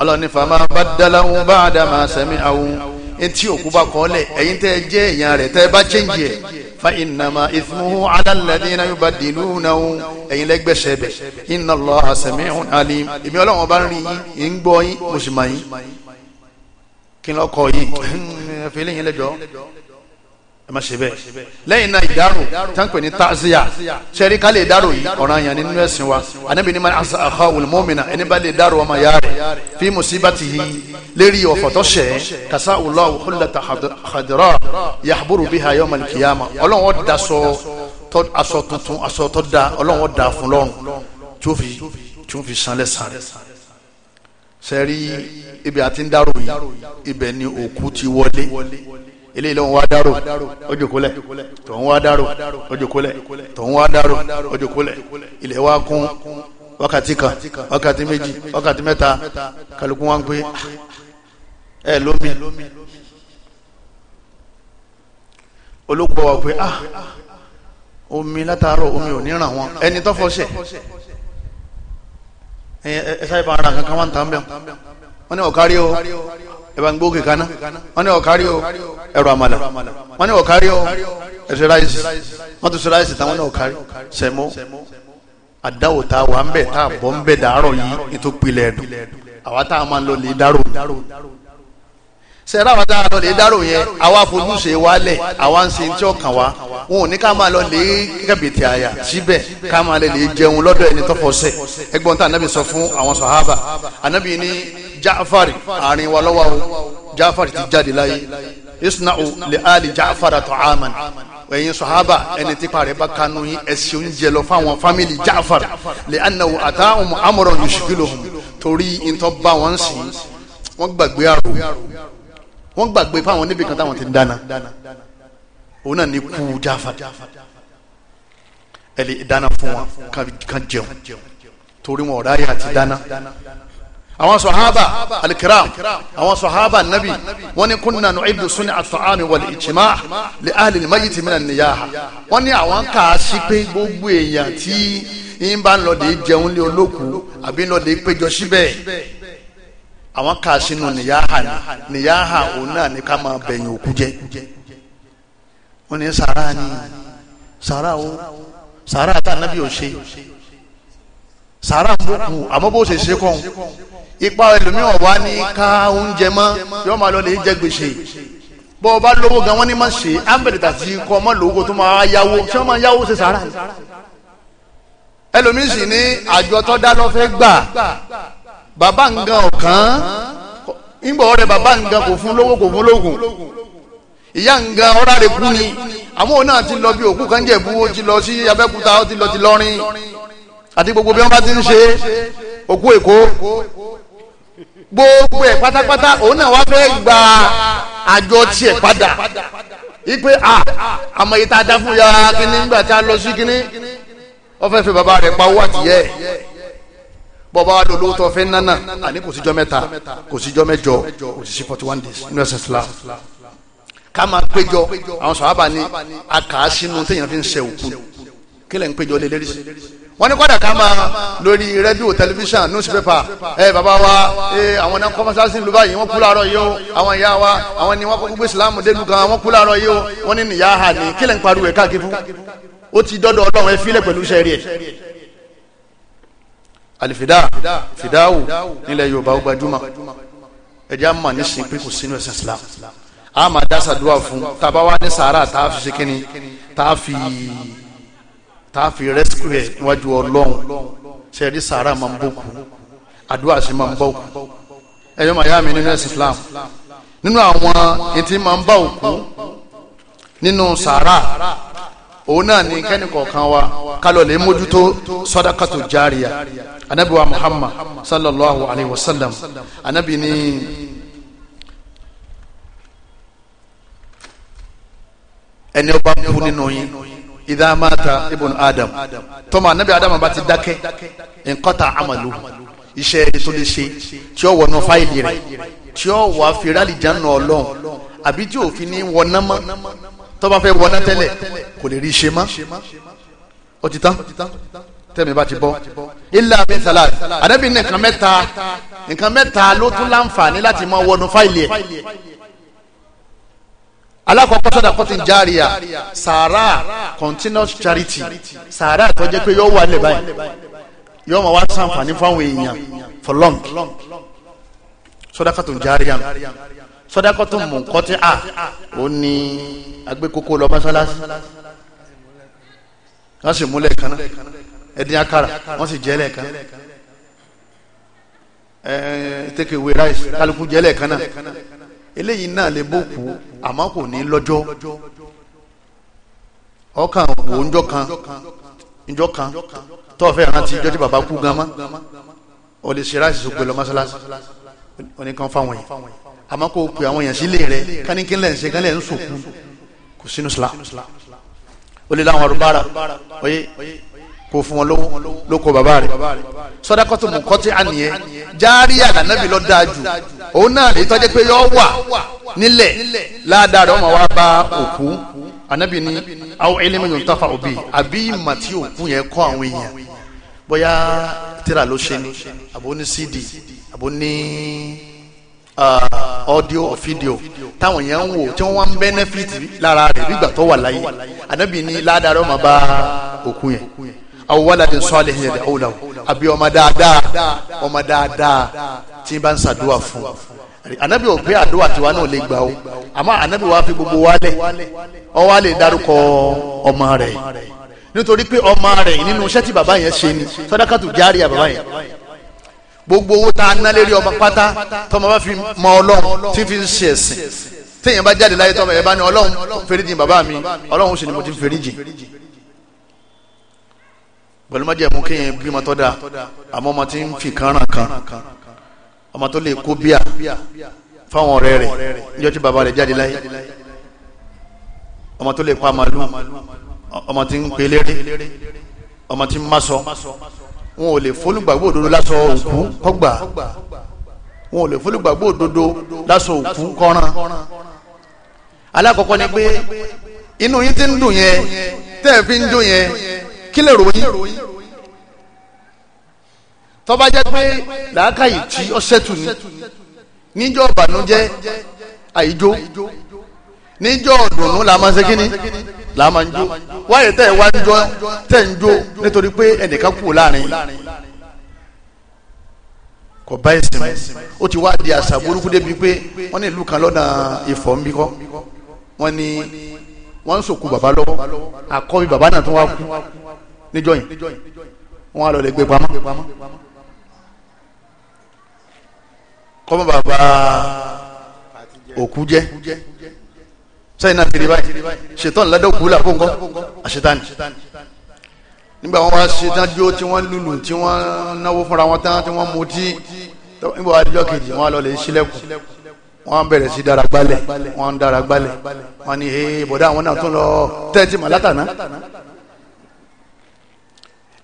ọlọ́ni fama badalahu ba'da ma sami'ahu etí òkú bá kọ́ lẹ̀ ẹ̀yin tẹ́ ẹ jẹ́ èèyàn rẹ̀ tẹ́ ẹ bá chẹ́ǹjì ẹ̀ fa innama ithmuhu ala alladhina yubaddilunahu ẹ̀yin lẹ́gbẹ̀sẹ̀ bẹ̀ inna Allaha sami'un alim èmi ọlọ́wọ́n bá ń rí yín ń gbọ́ yín mo yín kí n lọ́kọ̀ yín (laughs) ẹ fi lẹ́jọ́ ẹ má ṣe bẹ́ẹ̀ lẹ́yìn náà ìdárò táǹpẹ̀ ní tazia sẹ́rí ká lè dárò yìí ọ̀ràn yẹn nínú ẹ̀sìn wa anábì ní ma asa àkọ́ olùmọ́mìnà ẹni bá lè dárò ọmọ ìyá rẹ̀ fi musibati yìí lérí ọ̀fọ̀ tó ṣẹ̀ kasa ọlọ́ ọ̀húnlẹ̀ta xadìrọ̀ yahburu biha yawm al-qiyama ọlọ́wọ́ daṣọ aṣọ tuntun aṣọ tó da ọlọ́wọ́ da fún lọ́rùn tí ó sanlẹ̀ sanlẹ̀ sẹ́rí ibi àti ń dárò yìí ibẹ̀ ni òkú ti wọlé eléyìí lóun wá dárò ó jòkólẹ̀ tòun wá dárò ó jòkólẹ̀ tòun wá dárò ó jòkólẹ̀ ilẹ̀ wa kún wákàtí kan wákàtí méjì wákàtí mẹ́ta kálukú wá ń pé ah, ẹ lómi olóko wa pé ah omi látàárọ̀ omi ò ní ràn wọ́n ẹni tó fọṣẹ ẹ ẹ sáyẹ bá ara kankan wá ń tàn bẹ́ẹ̀ wọ́n ní ọ̀kárí o ẹ bá ń gbókè kaná wọ́n ní ọ̀kárí o ẹ̀rọ àmàlà wọ́n ní ọ̀kárí o ẹ̀sẹ̀ ráìsì wọ́n tún ṣe ráìsì táwọn ní ọ̀kárí sẹ̀mó àdáwò tá a wà ń bẹ̀ tá a bọ̀ ń bẹ̀ dàárọ̀ yìí ètò pilẹ̀ ẹ̀dùn àwa tá a máa ń lọ lè dárò sẹ́rà àwọn táwọn lọ lè dárò yẹn àwa fojúṣe wálẹ̀ àwa ń ṣe tí ó kàn wá wọn ò ní ká máa lọ lè kẹ̀bìtì àyà síbẹ̀ ká máa lè lè jẹun lọ́dọ̀ ẹni tó fọṣẹ́ ẹgbọ́n tá ànábì sọ fún àwọn sàhábà ànábì ní jáfàrì àárín wa lọ́wọ́ o jáfàrì ti jáde láyé isna'u li ali jáfàrà tó àmàn ẹ̀yin sàhábà ẹni tí parẹ́ bá kanú yín ẹ̀sìn oúnjẹ lọ fáwọn fámìlì jáfàrì lè ànáwó àtàwọn amọ̀ràn yòṣùkìlò torí ìtọ́ bá wọn sìn wọ́n gbàgbé àrò wọ́n gbàgbé fáwọn níbi kan táwọn ti ń dáná òun náà ní kú jáfa ẹ lè dáná fún wọn kan jẹun torí wọn ọ̀rá yà àti dáná àwọn sọ̀hábà alikiram àwọn sọ̀hábà nabi wọ́n ní kúnnà nù ibùdó sunni àtọ̀hámi wọlé ìjìmá lè áhìlì ní mayìtì mìíràn níyàhà wọ́n ní àwọn kà á sí pé gbogbo èèyàn tí yín bá ń lọ lè jẹun lé olókùú àbí ń lọ lè péjọ síbẹ̀ àwọn kà sínú nìyáhà nìyáhà òun náà ní ká máa bẹ̀yìn òkú jẹ́ wọ́n ní sàrà ni sàrà o sàrà tá ànábì ò ṣe sàrà ń bòkù àmọ́ bó ṣe ṣe kàn ipa ẹlòmíràn wá ní ká oúnjẹ mọ́ yóò máa lọ lè jẹ gbèsè bọ́ ọ bá lówó gan wọ́n ní má ṣe ámbẹ̀lẹ̀ tàbí kọ́ ọmọ lówó tó máa yáwó ṣé wọ́n máa yáwó ṣe sàrà ẹlòmíràn sì ní àjọ tó dá lọ fẹ́ gbà bàbá nǹkan ọ̀kan ńgbà ọ̀rẹ́ bàbá nǹkan kò fún lówó kò fún lóògùn ìyá nǹkan ọ̀rá rẹ̀ kú ni àmọ́ òun náà ti lọ bí òkú kan jẹ̀bú ó ti lọ sí abẹ́kúta ó ti lọ ti lọ́rin àti gbogbo bí wọ́n bá ti ń ṣe òkú èkó gbogbo ẹ̀ pátápátá òun náà wá fẹ́ gba àjọ tiẹ̀ padà ipe a àmọ́ yìí tá a dá fún ya kíní nígbà tá a lọ sí kíní wọ́n fẹ́ fi bàbá rẹ̀ pa owó àtìyẹ́ ẹ̀ bọ́ba wa lọ́wọ́ tó fẹ́ nánà àní kò síjọ́ mẹ́ta kò síjọ́ mẹ́jọ kò sí forty one days nínú ẹ̀sìn Islam ká máa péjọ àwọn sọ̀rọ̀ ní a kà á sínú téèyàn fi ń ṣe òkú kílẹ̀ ń péjọ lé lérí sí wọ́n ní kọ́dà ká máa lórí rẹ́díò tẹlifíṣàn newspaper ẹ bàbá wa ẹ àwọn náà kọ́mọ́sáàsì ń lu báyìí wọ́n kú láàárọ̀ yìí o àwọn ìyá wa àwọn ni wọ́n kọ́kọ́ gbé ìsìlámù délu gan wọ́n kú láàárọ̀ yìí o wọ́n ní nìyá hà ní kílẹ̀ ń pariwo ẹ̀ káàkiri fún ó ti dọ́dọ̀ ọlọ́run ẹ fílẹ̀ pẹ̀lú iṣẹ́ rí alifida fidawo nílẹ̀ yorùbá gbajúmọ̀ ẹ̀jẹ̀ àmà nísìnyí pé kò sínú ẹ̀sìn islam a máa dá sàdúrà fún tàbá wa ní sàárà tá a fi ṣe kínní tá a fi tá a fi rescue ẹ̀ ọlọ́run ṣe ẹ̀rí sàárà máa ń bọ̀kù àdúrà sì máa ń ẹ̀yọ́ màá yá mi nínú ẹ̀sìn islam nínú àwọn ètí máa ń bá nínú sàárà òun náà ni kẹ́ni kọ̀ọ̀kan wa kálọ̀ lè mójútó sọ́dákàtò járíya anabi wa muhammad sallallahu alayhi wa sallam anabi ni ẹni ọba kú nínú yín idha mata ibn adam tọ́mọ anabi adam bá ti dákẹ́ nkọ́ta amalu iṣẹ́ tó lè ṣe tí ó wọnú fáìlì rẹ̀ tí ó wà fìrálì jánu ọlọ́run àbí tí òfin ní wọnámọ́ tó bá fẹ́ wọná tẹ́lẹ̀ kò lè rí i ṣe mọ́ ó ti tán tẹ́mi bá ti bọ́ ilà mi sàlá àdẹ́bí nìkan mẹ́ta nǹkan mẹ́ta ló tún láǹfààní láti máa wọnú fáìlì ẹ̀ alakọkọ sadakọtin jariya sàárà continuous charity sàárà tó jẹ́ pé yóò wà lẹ báyìí yóò máa wá ṣàǹfààní fáwọn èèyàn for long sadakọtun jariya sọdakọtò mọkọtì a ó ní agbẹkókó lọ mọ́sálásí wọ́n sì múlẹ̀ kaná ẹ̀dín akara wọ́n sì jẹ́lẹ̀ kan ẹ̀ẹ́n take away rice kálukú jẹ́lẹ̀ kaná eléyìí náà lè bókù àmọ́ kò ní lọ́jọ́ ọkàn wò ń jọ kan ìjọ kan tọ́ọ̀fẹ́ rántí ìjọ tí kú gan mọ́ ọ lè ṣe rice sọ pé lọ mọ́sálásí oníkan fáwọn yìí àmọ́ kò pè àwọn èèyàn sílé rẹ káníkí lẹ́ ń ṣe kánlẹ̀ ń sòkun kò sínú sila ó lè láwọn arúgbára oyè kò fún wọn lówó ló kọ bàbá rẹ sọdakọtò mọkọtì àníyẹ járíyà lànàbí lọ dáa jù òun náà lè tọ́jú pé yọ wà nílẹ̀ ládàá rẹ ọmọ wa bá òkú ànábì ní àwọn ẹlẹ́mọ̀ yóò tàfà òbí àbí ìmọ̀ tí òkú yẹn kọ́ àwọn èèyàn bóyá tíra ló ṣe ni àbó cd àbó Uh, audio or video táwọn yẹn ń wò tí wọ́n wá ń benefit lára rẹ̀ nígbà tó wà láyé ànábì ní ládàá rẹ̀ ọmọ bá òkú yẹn àwọn wàlàdé sọ́ọ̀lì yẹn dẹ̀ ọ̀là àbí ọmọ dáadáa ọmọ dáadáa tí bá ń ṣàdúrà fún ànábì ò gbé àdúrà tiwa náà lè gbà ó àmọ́ ànábì wàá fi gbogbo wálẹ̀ ọ wá lè dárúkọ ọmọ rẹ̀ nítorí pé ọmọ rẹ̀ nínú iṣẹ́ tí bàbá yẹn ṣe ni sọ́dákàtù járíà bàbá gbogbo owó tá a ná lérí ọmọ pátá tọmọ bá fi mọ ọlọ́run tí fi ń ṣe ẹ̀sìn téèyàn bá jáde láyé tọmọ ẹ̀ bá ní ọlọ́run fèrèjì bàbá mi ọlọ́run sì ni mo ti fèrèjì pẹ̀lú má jẹ̀mú kéèyàn bímọ tó dáa àmọ́ ọmọ tí ń fi kan kan ọmọ tó lè kó bíà fáwọn ọ̀rẹ́ rẹ̀ níjọ́ tí bàbá rẹ̀ jáde láyé ọmọ tó lè pa màlúù ọmọ tí ń pelére ọmọ tí ń másọ wọn ò lè fólúgbàgbọ́ òdodo lásọ òkú kọ́gbà wọn ò lè fólúgbàgbọ́ òdodo lásọ òkú kọ́ran alákọ̀ọ́kọ́ ni pé inú yín ti ń dùn yẹn tẹ́ ẹ̀ fi ń dùn yẹn kí lè ròyìn jẹ́ pé làákàyè tí ó ṣẹ́tù níjọ́ níjọ́ ọ̀dùnnú la là máa ń jó wáyé tẹ́ ẹ̀ wá ń jọ tẹ́ ń jó nítorí pé ẹnìkan kù láàrin kò bá ẹ̀sìn mu ó ti wá di àṣà burúkú débi pé wọ́n ní ìlú kan lọ́nà Ifọ̀ ń bí kọ́ wọ́n ní wọ́n ń sòkú bàbá lọ́wọ́ àkọ́bí bàbá náà tó wá kú níjọ́ yìí wọ́n á lọ lè gbé pamọ́ kọ́mọ bàbá òkú jẹ́ sẹ́yìn náà ti rí báyìí ṣètọ́n ládọ́kù là fún nǹkan àṣetáni nígbà wọn wá ṣetán dúró tí wọ́n lùlù tí wọ́n náwó fúnra wọn tán tí wọ́n mutí nígbà wọn adijọ́ kejì wọn lọ lè ṣílẹ̀kùn wọn bẹ̀rẹ̀ sí dára gbálẹ̀ wọn ń dára gbálẹ̀ wọn ni ee bọ̀dá àwọn náà tún lọ tẹ́tí mà látàná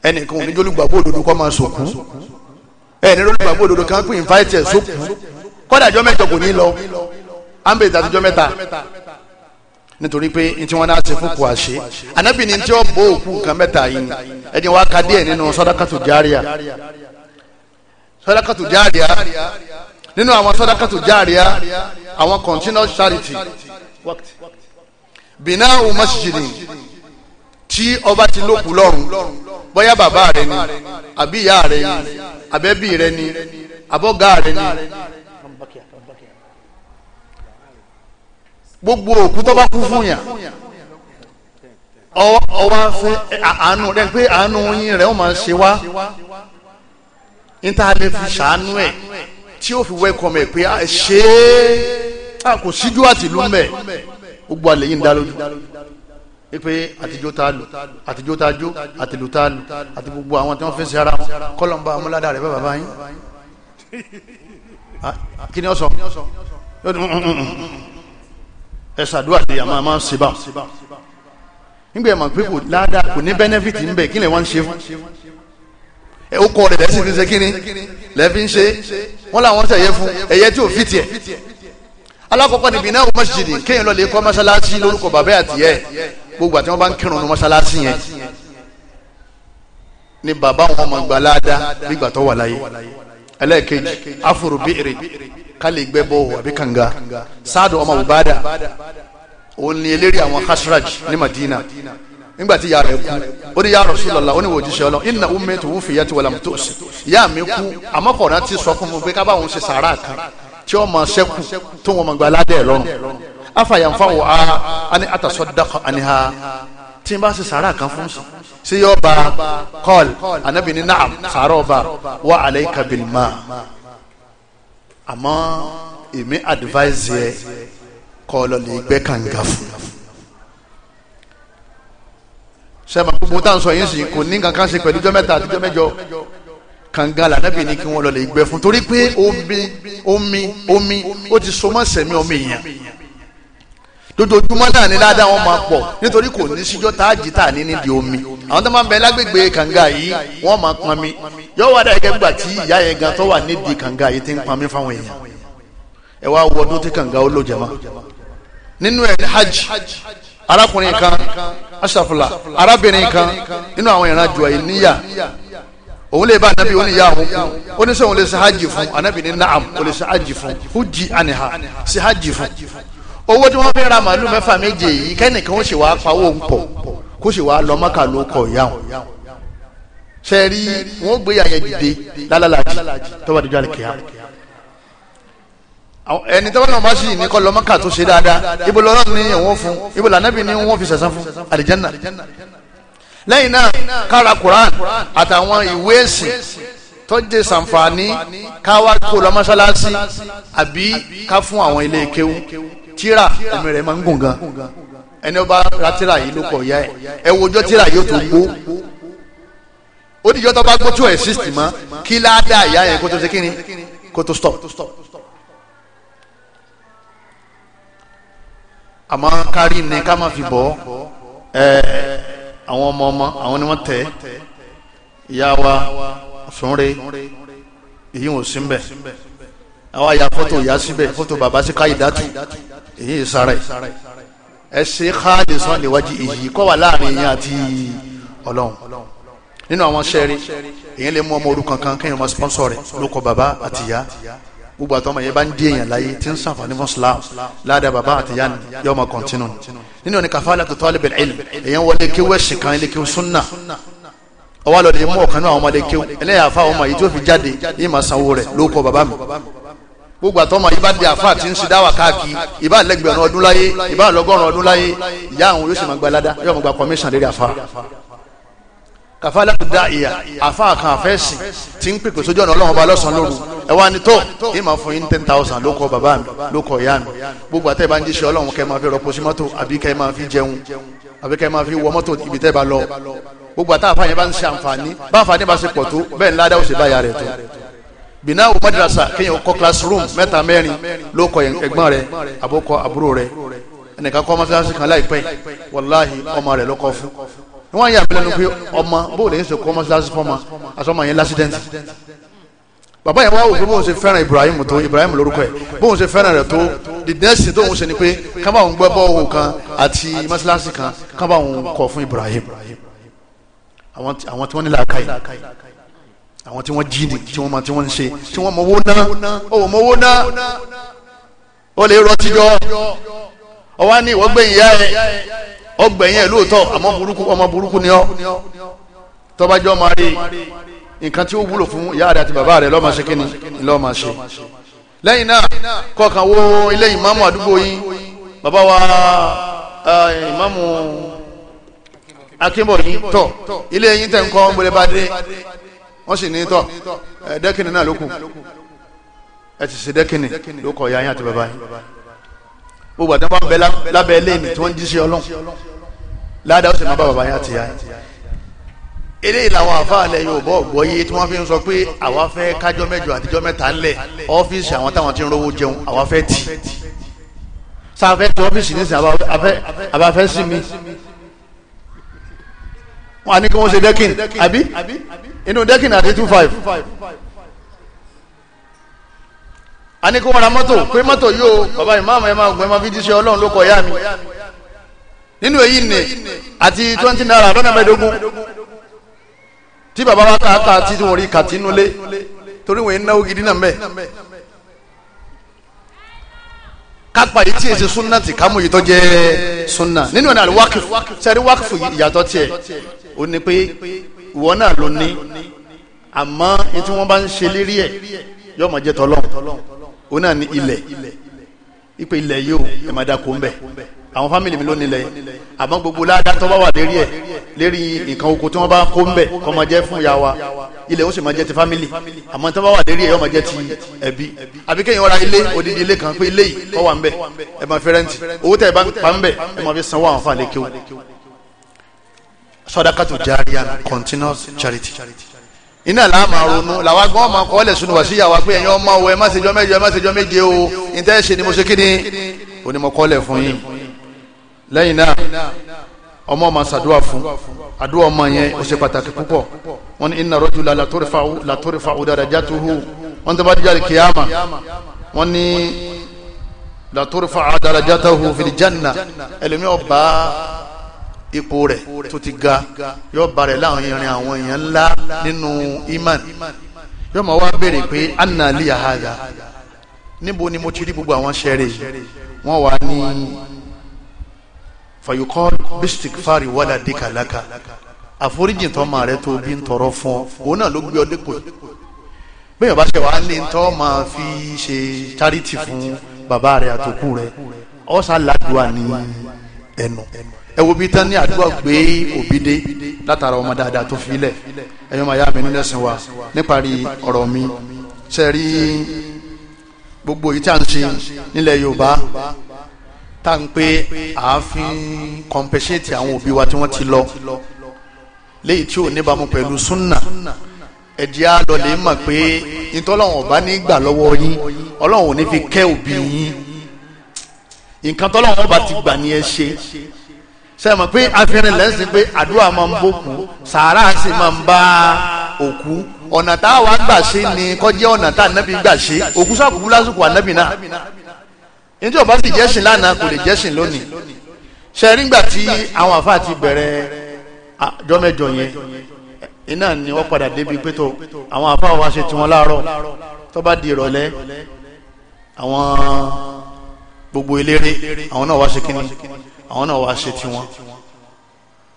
ẹnìkan oníjólúgbàgbọ́ òdodo kọ́ máa sòkú ẹni lólúgbàgbọ́ òdodo kan pín invite ẹ̀ sókú kọ́dà jọ́ mẹ́jọ kò ní lọ ámbẹ̀tà àtijọ́ mẹ́ta nítorí pé ní tí wọ́n náà ṣe fún kò àṣe ànábì ní tí ó bó òkú nǹkan mẹ́ta yìí ni ẹni wá ka díẹ̀ nínú sọ́dákàtù járíà sọ́dákàtù járíà nínú àwọn sọ́dákàtù járíà àwọn continuous charity bìnnáwó masjidin tí ọba ti lókù lọ́rùn bóyá bàbá rẹ ni àbí ìyá rẹ ni àbẹ́bí rẹ ni àbọ̀gá rẹ ni gbogbo òkú tó bá kú fún yàn ọwọ́ fẹ́ àánú rẹ pé àánú yín rẹ ó máa ṣe wá níta lè fi ṣàánú ẹ tí ó fi wẹ́kọ̀mù ẹ pé ṣé kò síjú àtìlú mbẹ gbogbo àlè yìí ń dá lójú pé àtijọ́ tá a lò àtijọ́ tá a jó àtìlú tá a lò àti gbogbo àwọn tí wọ́n fi ń ṣe ara wọn kọ́lọ́mbà amúládà rẹ̀ bá bàbá yín kí ni ó ẹ ṣàdúrà dé àmọ́ àmọ́ ṣe bá nígbà ẹ̀mọ̀ pé kò ládàá kò ní bẹ́nẹ́fìtì ń bẹ kí lè wọ́n ń ṣe fún ẹ ó kọ rẹ̀ lẹ́sìn fi ṣe kí ni lẹ́fi ń ṣe wọ́n làwọn ṣẹ̀yẹ fún ẹ̀yẹ tí ò fi tiẹ̀ alákọ̀ọ́kọ́ níbi náà mọ́ṣídìí kéèyàn lọ lè kọ́ mọ́ṣáláṣí lórúkọ bàbá àti ẹ̀ gbogbo àti wọn bá ń kírun ní mọ́ṣáláṣí yẹn ni bàbá wọn máa gbà ládàá nígbà tó wà láyé ẹlẹ́ẹ̀kejì afuru biiri kálí gbẹ́ bọ́ọ̀ àbí kànga sáàdù ọmọ Ubada òun ni eléri àwọn Khasraj ní Madina nígbà tí ìyá rẹ̀ kú ó ní ya Rasulullah ó ní wò jíṣẹ́ ọlọ́ inna ummi tuwufiyat wa lam tu'si ìyá mi kú àmọ́kọ̀ọ́nà ti sọ fún mi pé kábàá òun ṣe sàárà kan tí ó mọ sẹ́kù tó wọn mọ gbaládẹ́ lọ́rùn afàyànfà wò á á ní àtàsọ́dàkọ̀ àníhà tí n bá ṣe sàárà kan fún sí ṣé yóò bá kọ́ọ̀lì anabi ní naam sàárà ọba wà alayka bil ma àmọ́ èmi advise yẹ kọ́ lọ lè gbẹ́ kànga fún sẹ́mi gbogbo tá à ń sọ yín sì kò ní kankan ṣe pẹ̀lú jọ́ mẹ́ta àti jọ́ mẹ́jọ kànga lànàbì ní kí wọ́n lọ lè gbẹ́ fún torí pé omi omi omi ó ti so mọ́ sẹ̀mí omi yẹn lójoojúmọ́ náà ni ládàá wọn máa pọ̀ nítorí kò ní síjọ́ tá a jì tá a ní nídìí omi àwọn tó máa ń bẹ lágbègbè kànga yìí wọ́n máa pọn mi yóò wá dàgẹ́ gbà tí ìyá yẹn gan tó wà nídìí kànga yìí ti ń pọn mi fáwọn èèyàn ẹ wá wọ ọdún tí kànga ó lòjẹ̀ mọ́ nínú ẹ̀ hajj arákùnrin kan asafula arábìnrin kan nínú àwọn ìran jù ẹ̀yìn níyà òun lè bá anabi oníyà òun kú ó ní sọ òun lè ṣe hajj fún anabi ní naam ó lè ṣe hajj fún hujji aniha ṣe hajj fún owó tí wọ́n fi ra màálù mẹ́fà méje yìí kẹ́nìkan ó sì wá pawó ń pọ̀ kó sì wá lọ mọ́kà ló kọ̀ yáhùn sẹ́ẹ̀rí wọ́n gbé yàyẹ dìde lálàlájì tọ́wọ́ àdìjọ́ àlìkìyà ẹni tọ́wọ́ náà bá sì ní kọ́ lọ mọ́kà tó ṣe dáadáa ibo lọ́rọ́ ní ìwọ̀n fún ibo lànàbì ní wọ́n fi sẹ̀sán fún àlìjẹ́nà lẹ́yìn náà kára Quran àtàwọn ìwé ẹ̀sìn tọ́jẹ́ sàǹfààní káwá kó lọ mọ́sálásí àbí ká fún àwọn ilé kéwú Tira, ẹ̀mí rẹ̀ máa ń gùn gan ẹni ọba ra tíra yìí ló kọ̀ ya ẹ̀ ẹ wojọ́ tíra yóò tó gbó ó dìjọ́ tó bá gbó tó exist mọ́ kí ládàá ìyá yẹn kó tó ṣe kíni kó tó stop. àmọ́ kárí ni ká má fi bọ́ ẹ àwọn ọmọ ọmọ àwọn ni wọ́n tẹ̀ ìyá wa fúnre èyí ò sí mbẹ àwa ya fọ́tò ìyá síbẹ̀ fọ́tò bàbá sí káyìdátù èyí sara yìí ẹ ṣe khalisan liwaji iyì kọ́ wà láàrin yẹn àti ọlọ́run nínú àwọn sẹ́ẹ̀rì èyí lè mú ọmọ orú kankan kéèyàn máa sponsor rẹ̀ lóko bàbá àti ìyá gbogbo àtọmọ yẹn bá ń di èèyàn láyé tí ń sàǹfààní fún Islam ládàá bàbá àti ìyá ni yóò máa kọ́ntínú nínú ní kàfàlà tó tọ́lẹ̀ bẹ̀rẹ̀ ilm èèyàn wọlé kéwú ẹ̀sìn kan ilé kéwú súnà ọwọ́ àlọ́dẹ mú ọ̀kan náà àwọn ọmọdé kéwú ẹlẹ́yàá gbogbo àtọ́mọ yìí bá di àfa tí ń ṣe dáwà káàkiri ìbá lẹ́gbẹ̀rún ọdún láyé ìbá lọ́gọ́rùn ọdún láyé ìyá àwọn yóò sì máa gba ládá yóò máa gba commission lérí àfa kàfàlà da ìyà àfa kan àfẹ́sìn tí ń pèpè sójú ọ̀nà ọlọ́run ọba lọ́sàn-án lóru ẹ wá ní tó yìí máa fún yín ten thousand ló kọ bàbá mi ló kọ ìyá mi gbogbo àtẹ́ ìbá ń jíṣẹ́ ọlọ́run kẹ́ máa fi rọpò sí mọ́tò àbí kẹ́ máa fi jẹun àbí kẹ́ máa fi wọ mọ́tò ibi tẹ́ bá lọ gbogbo àtẹ́ àfa yẹn bá ń ṣe àǹfààní bá àǹfààní bá ṣe pọ̀ tó bẹ́ẹ̀ ńlá dáwọ́ ṣe bá rẹ̀ tó bìnà wò madrasa kéèyàn kọ́ classroom mẹ́ta mẹ́rin ló kọ ẹ̀gbọ́n rẹ̀ àbókọ àbúrò rẹ̀ ẹnìkan kọ́ mọ́sálásí kan láìpẹ́ wàláhì ọmọ rẹ̀ ló kọ́ fún wọ́n yà mí lẹ́nu pé ọmọ bóòlù yẹn ṣe kọ́ mọ́sálásí fọ́mọ àsọmọ yẹn lásídẹ́ǹtì bàbá yẹn wá wò pé bóun ṣe fẹ́ràn Ibrahim tó Ibrahim lórúkọ ẹ̀ bóun ṣe fẹ́ràn rẹ̀ tó the next thing tóun ṣe ni pé kábà òun gbẹ́ bọ́ọ̀wù kan àti mọ́sálásí kan kábà òun kọ̀ fún Ibrahim àwọn tí wọ́n ní làákàyè àwọn tí wọ́n jí ni tí wọ́n ma tí wọ́n ń ṣe tí wọ́n mọ̀wó ná ó mọ̀wó ná ó lè rọtí jọ ọwọ́ ní ìwọ́gbẹ́ ìyá ẹ ọgbẹ̀yìn ẹ lóòótọ́ àmọ́ burúkú ọmọ burúkú ni ọ tọ́bajọ́ máa rí nǹkan tí ó wúlò fún ìyá rẹ àti bàbá rẹ lọ́ọ́ máa ṣe kíni lọ́ọ́ máa ṣe lẹ́yìn náà kọkàn wo ilé ìmáàmù àdúgbò yín bàbá wa ìmáàmù akínbọ̀yìn tọ̀ ilé yín tẹ̀ ń kọ́ ń gbèrè bá dé wọ́n sì ní tọ́ dẹ́kìnì náà ló kù ẹ ti ṣe dẹ́kìnì ló kọ̀ ya yín àti bàbá yín gbogbo àti wọn bẹ lábẹ́ eléyìí tí wọ́n jí sí ọlọ́run ládàá ó sì máa bá bàbá yín àti ya yín eléyìí làwọn àfáàlẹ Yorùbá ọgbọyé tí wọ́n fi ń sọ pé àwa fẹ́ kájọ mẹ́jọ àtijọ́ mẹ́ta ńlẹ̀ ọ́fíìsì àwọn táwọn ti ń rówó jẹun àwa fẹ́ tì sáfẹ́ tí ọ́fíìsì ní sìn àbáfẹ́ sí mi wọ́n á ní kí wọ́n ṣe dẹ́kìn àbí inú dẹ́kìn àti two five a ní kó mara mọ́tò pé mọ́tò yóò bàbá ìmáàmù ẹ̀ máa gùn ẹ̀ máa fi jíṣẹ́ ọlọ́run ló kọ̀ ya mi nínú èyí nì àti twenty naira lọ́nà mẹ́ẹ̀ẹ́dógún tí bàbá wa kà á kà á tí wọ́n rí kàtínúlé torí wọ́n ń náwó gidi náà mẹ́ẹ̀ kápá yìí tí èsì súnà tì kámú yìí tó jẹ́ súnà nínú ọ̀nà àríwákìfù sẹ́rí wákìfù ìyàtọ̀ tiẹ̀ ó ní pé ìwọ náà ló ní àmọ́ ní tí wọ́n bá ń ṣe lérí ẹ̀ yóò máa jẹ́ tọlọ́hun òun náà ní ilẹ̀ ipe ilẹ̀ yóò ẹ̀ máa dáko ń àwọn fámìlì mi ló nílẹ̀ àmọ́ gbogbo ládàá tó bá wà lérí ẹ̀ lérí nǹkan oko tí wọ́n bá kó ń bẹ̀ kó máa fún ìyá wa ilẹ̀ ó sì máa jẹ́ ti fámìlì àmọ́ tó bá wà lérí ẹ̀ yóò máa jẹ́ ti ẹbí àbí kéèyàn ra ilé odidi ilé kan pé ilé yìí kó wà ń bẹ̀ ẹ̀ máa fẹ́rẹ́ǹtì owó tẹ̀ bá pa ń bẹ̀ ẹ̀ fi sanwó àwọn fàlẹ́ kéwù sadakatu jariya continuous charity iná la máa ronú làwa gan máa kọ́ ọ́lẹ̀ sunu wàsíyà wa pé ẹ̀yin ọmọ ọ̀wẹ́ mọ́sẹ̀jọ́ mẹ́jọ mọ́sẹ̀jọ́ méje o ìtẹ́ ni mo ṣe kíni onímọ̀kọ́lẹ̀ fún yín lẹ́yìn náà ọmọ ọmọ sàdúrà fún àdúrà ọmọ yẹn ó ṣe pàtàkì púpọ̀ wọn ni iná rọ́jò látòrífà darajatuhu wọn tó bá jáde kìyàmà wọn ni látòrífà darajatuhu fil janna ẹlòmíọ̀ bá ipò rẹ̀ tó ti ga yóò bá rẹ̀ láwọn irin àwọn èèyàn ńlá nínú iman yóò máa wá béèrè pé anna liya hadha níbo ni mo ti rí gbogbo àwọn ṣẹ́rẹ̀ wọ́n wà ní fayukọ́ bistik fari wàlá dikalaka àforíjìn tó máa rẹ tó bí ń tọrọ fún ọ òun náà ló gbé ọ dépò bẹ́ẹ̀ bá ṣe wàá ní tó máa fi ṣe charity fún bàbá rẹ̀ àtòkù rẹ̀ ọ̀sán ládùúà ní ẹnu ẹ wo bí tán ní àdúrà gbé òbí dé látara ọmọ dáadáa tó filẹ̀ ẹ̀yọ́ máa yá mi nílẹ̀ sìn wa níparí ọ̀rọ̀ mi ṣe rí gbogbo yìí tí a ń ṣe nílẹ̀ Yorùbá tá à ń pé àáfin compensate àwọn òbí wa tí wọ́n ti lọ léyìí tí ò níbàámu pẹ̀lú súnà ẹ̀jẹ̀ á lọ lè mọ̀ pé ìtọ́lọ́wọ̀n ọba ní gbà lọ́wọ́ yín ọlọ́wọ̀n ò ní fi kẹ́ òbí yín nǹkan tọ́lọ́wọ̀n ọba ti gbà ní ẹ ṣe ṣe mọ̀ pé àfihàn lẹ́sìn pé àdúrà máa ń bòkú sàárà sì máa ń bá òkú ọ̀nà tá a wá gbà ṣe ni kọjá ọ̀nà tá ànábì gbà ṣe òkú sàkúkú lásìkò ànábì náà ní tí ó bá sì jẹ́sìn lánàá kò lè jẹ́sìn lónìí ṣe nígbà tí àwọn àfáà ti bẹ̀rẹ̀ jọ́mẹ́jọ yẹn iná ni wọ́n padà débi pé tó àwọn àfáà wa ṣe tiwọn láàárọ̀ tó bá di ìrọ̀lẹ́ àwọn gbogbo eléré àwọn náà wá ṣe kínní àwọn náà wàá ṣe tiwọn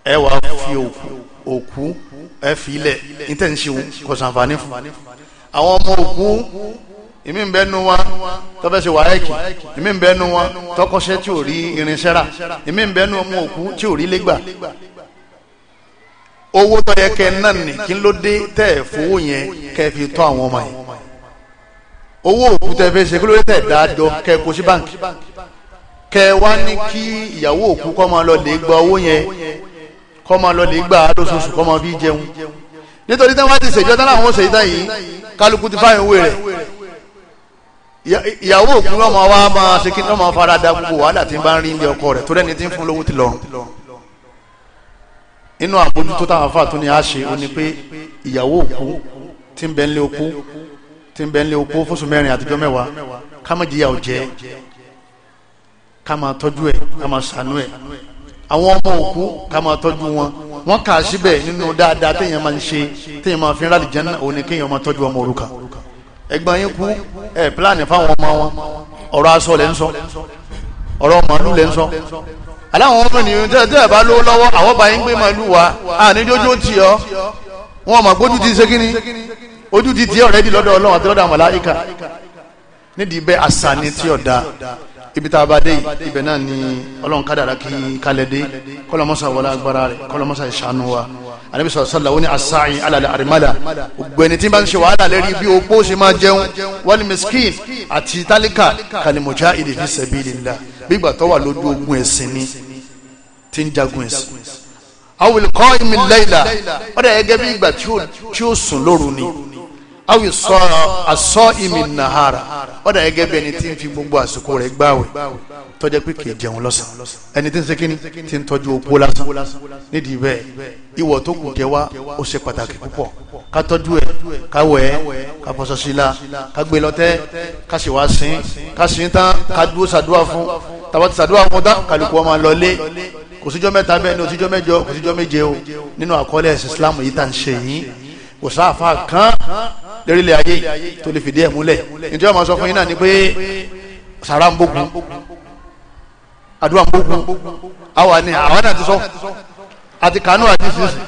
ẹ wàá fi òkú ẹ fi ilẹ̀ intensive kọ̀sánfàní fún àwọn ọmọ òkú ìmí ń bẹ nu wa tọ́fẹ́ ṣe wàhálẹ́kì ìmí ń bẹ nu wa tọkọṣẹ́ tí ò rí irinṣẹ́ rà ìmí ń bẹ nu ọmọ òkú tí ò rí lẹ́gbà owó tó yẹ kẹ náà nì kí ló dé tẹ́ ẹ̀ fowó yẹn kẹ́ fi tọ́ àwọn ọmọ yẹn owó òkú tẹ́ fẹ́ ṣe kí ló dé tẹ́ ẹ̀ dáadọ́ kẹ́ kó sí báǹkì kẹ wá ní kí ìyàwó òkú kọ́ máa lọ lè gba owó yẹn kọ́ máa lọ lè gbà á lóṣooṣù kọ́ máa fi jẹun nítorí táwọn ti ṣèjọ́ táwọn àwọn ṣèjọ́ yìí kálukú ti fáyìn owó rẹ̀ ìyàwó òkú lọ́mọ wa máa ṣe kí lọ́mọ fara da gbogbo wàhálà tí ń bá ń rí ilé ọkọ rẹ̀ tó rẹ́ni tí ń fún lówó ti lọ́rùn inú àbójútó táwọn afa tó ní a ṣe ó ní pé ìyàwó òkú tí ń bẹ ń lé okú tí ń bẹ ń lé okú fóṣù mẹ́rin àtijọ́ mẹ́wàá ká má jìyà ọ̀jẹ́ Kama máa tọ́jú ẹ̀ ká máa ṣàánú ẹ̀ àwọn ọmọ òkú ká máa tọ́jú wọn wọ́n kà á síbẹ̀ nínú dáadáa téèyàn máa ń ṣe téèyàn máa fi rálì jẹ́nà òun ni kéèyàn máa tọ́jú ọmọ òrukàn ẹgbọ́n yín kú ẹ̀ pílánì fáwọn ọmọ wọn ọ̀rọ̀ aṣọ lẹ́ ń sọ ọ̀rọ̀ màálù lẹ́ ń sọ aláwọn ọmọ ènìyàn tẹ́ tẹ́ ẹ̀ bá lówó lọ́wọ́ àwọn bá yín gbé màálù wa àní jójó tì ọ́ wọn mà gbójú ti ṣe kíni ojú ti tiẹ̀ ọ̀rẹ́dì lọ́dọ̀ Ọlọ́run àti lọ́dọ̀ àmàlà ibi tá a bá dé ibẹ̀ náà ni ọlọ́run kádàrá kí kálẹ̀ dé kọlọmọ́sà wọlé agbára rẹ̀ kọlọmọ́sà ìṣàánú wa anabi sọ sọlá ó ní asáyìn alàlẹ àrímàlà gbogbo ẹni tí bá ń ṣe wàhálà lérí bí opó ṣe máa jẹun wal miskin àti tálíkà kalimọjá ìdè fi sabilillah gbígbà tó wà lójú ogun ẹ̀sìn ni ti ń jagun ẹ̀sìn. awil qaimil layla ọ̀dà bí ìgbà tí ó sùn lóru ni awi sọ asọ ìmì nàhárà ọ̀dà gẹ́gẹ́ bí ẹni tí ń fi gbogbo àsìkò rẹ̀ gbáwẹ̀ tọ́jẹ́ pé kì í jẹun lọ́sàn ẹni tí ń ṣe kíní tí ń tọ́jú opó lásán nídìí bẹ́ẹ̀ ìwọ̀ tó kù jẹ́ wá ó ṣe pàtàkì púpọ̀ ká tọ́jú ẹ̀ ká wẹ̀ ẹ́ ká fọṣọ sí la ká gbé lọ́tẹ́ ká sì wá sín ká sín tán ká dúró ṣàdúrà fún tàbá ti ṣàdúrà fún tán kálukú ọmọ lọ lé kò síjọ́ mẹ́ta bẹ́ẹ̀ ni òsíjọ́ o nínú àkọọ́lẹ̀ ẹ̀sìn Islam yìí tá ń ṣe yìí kò sáà lérílẹ̀ ayé tó lè fìdí ẹ̀ múlẹ̀ nítorí àwọn sọ fún yín ni pé sàrà ń bógun àdúrà ń bógun àwọn àni àwọn náà ti sọ àti kànú àti sísì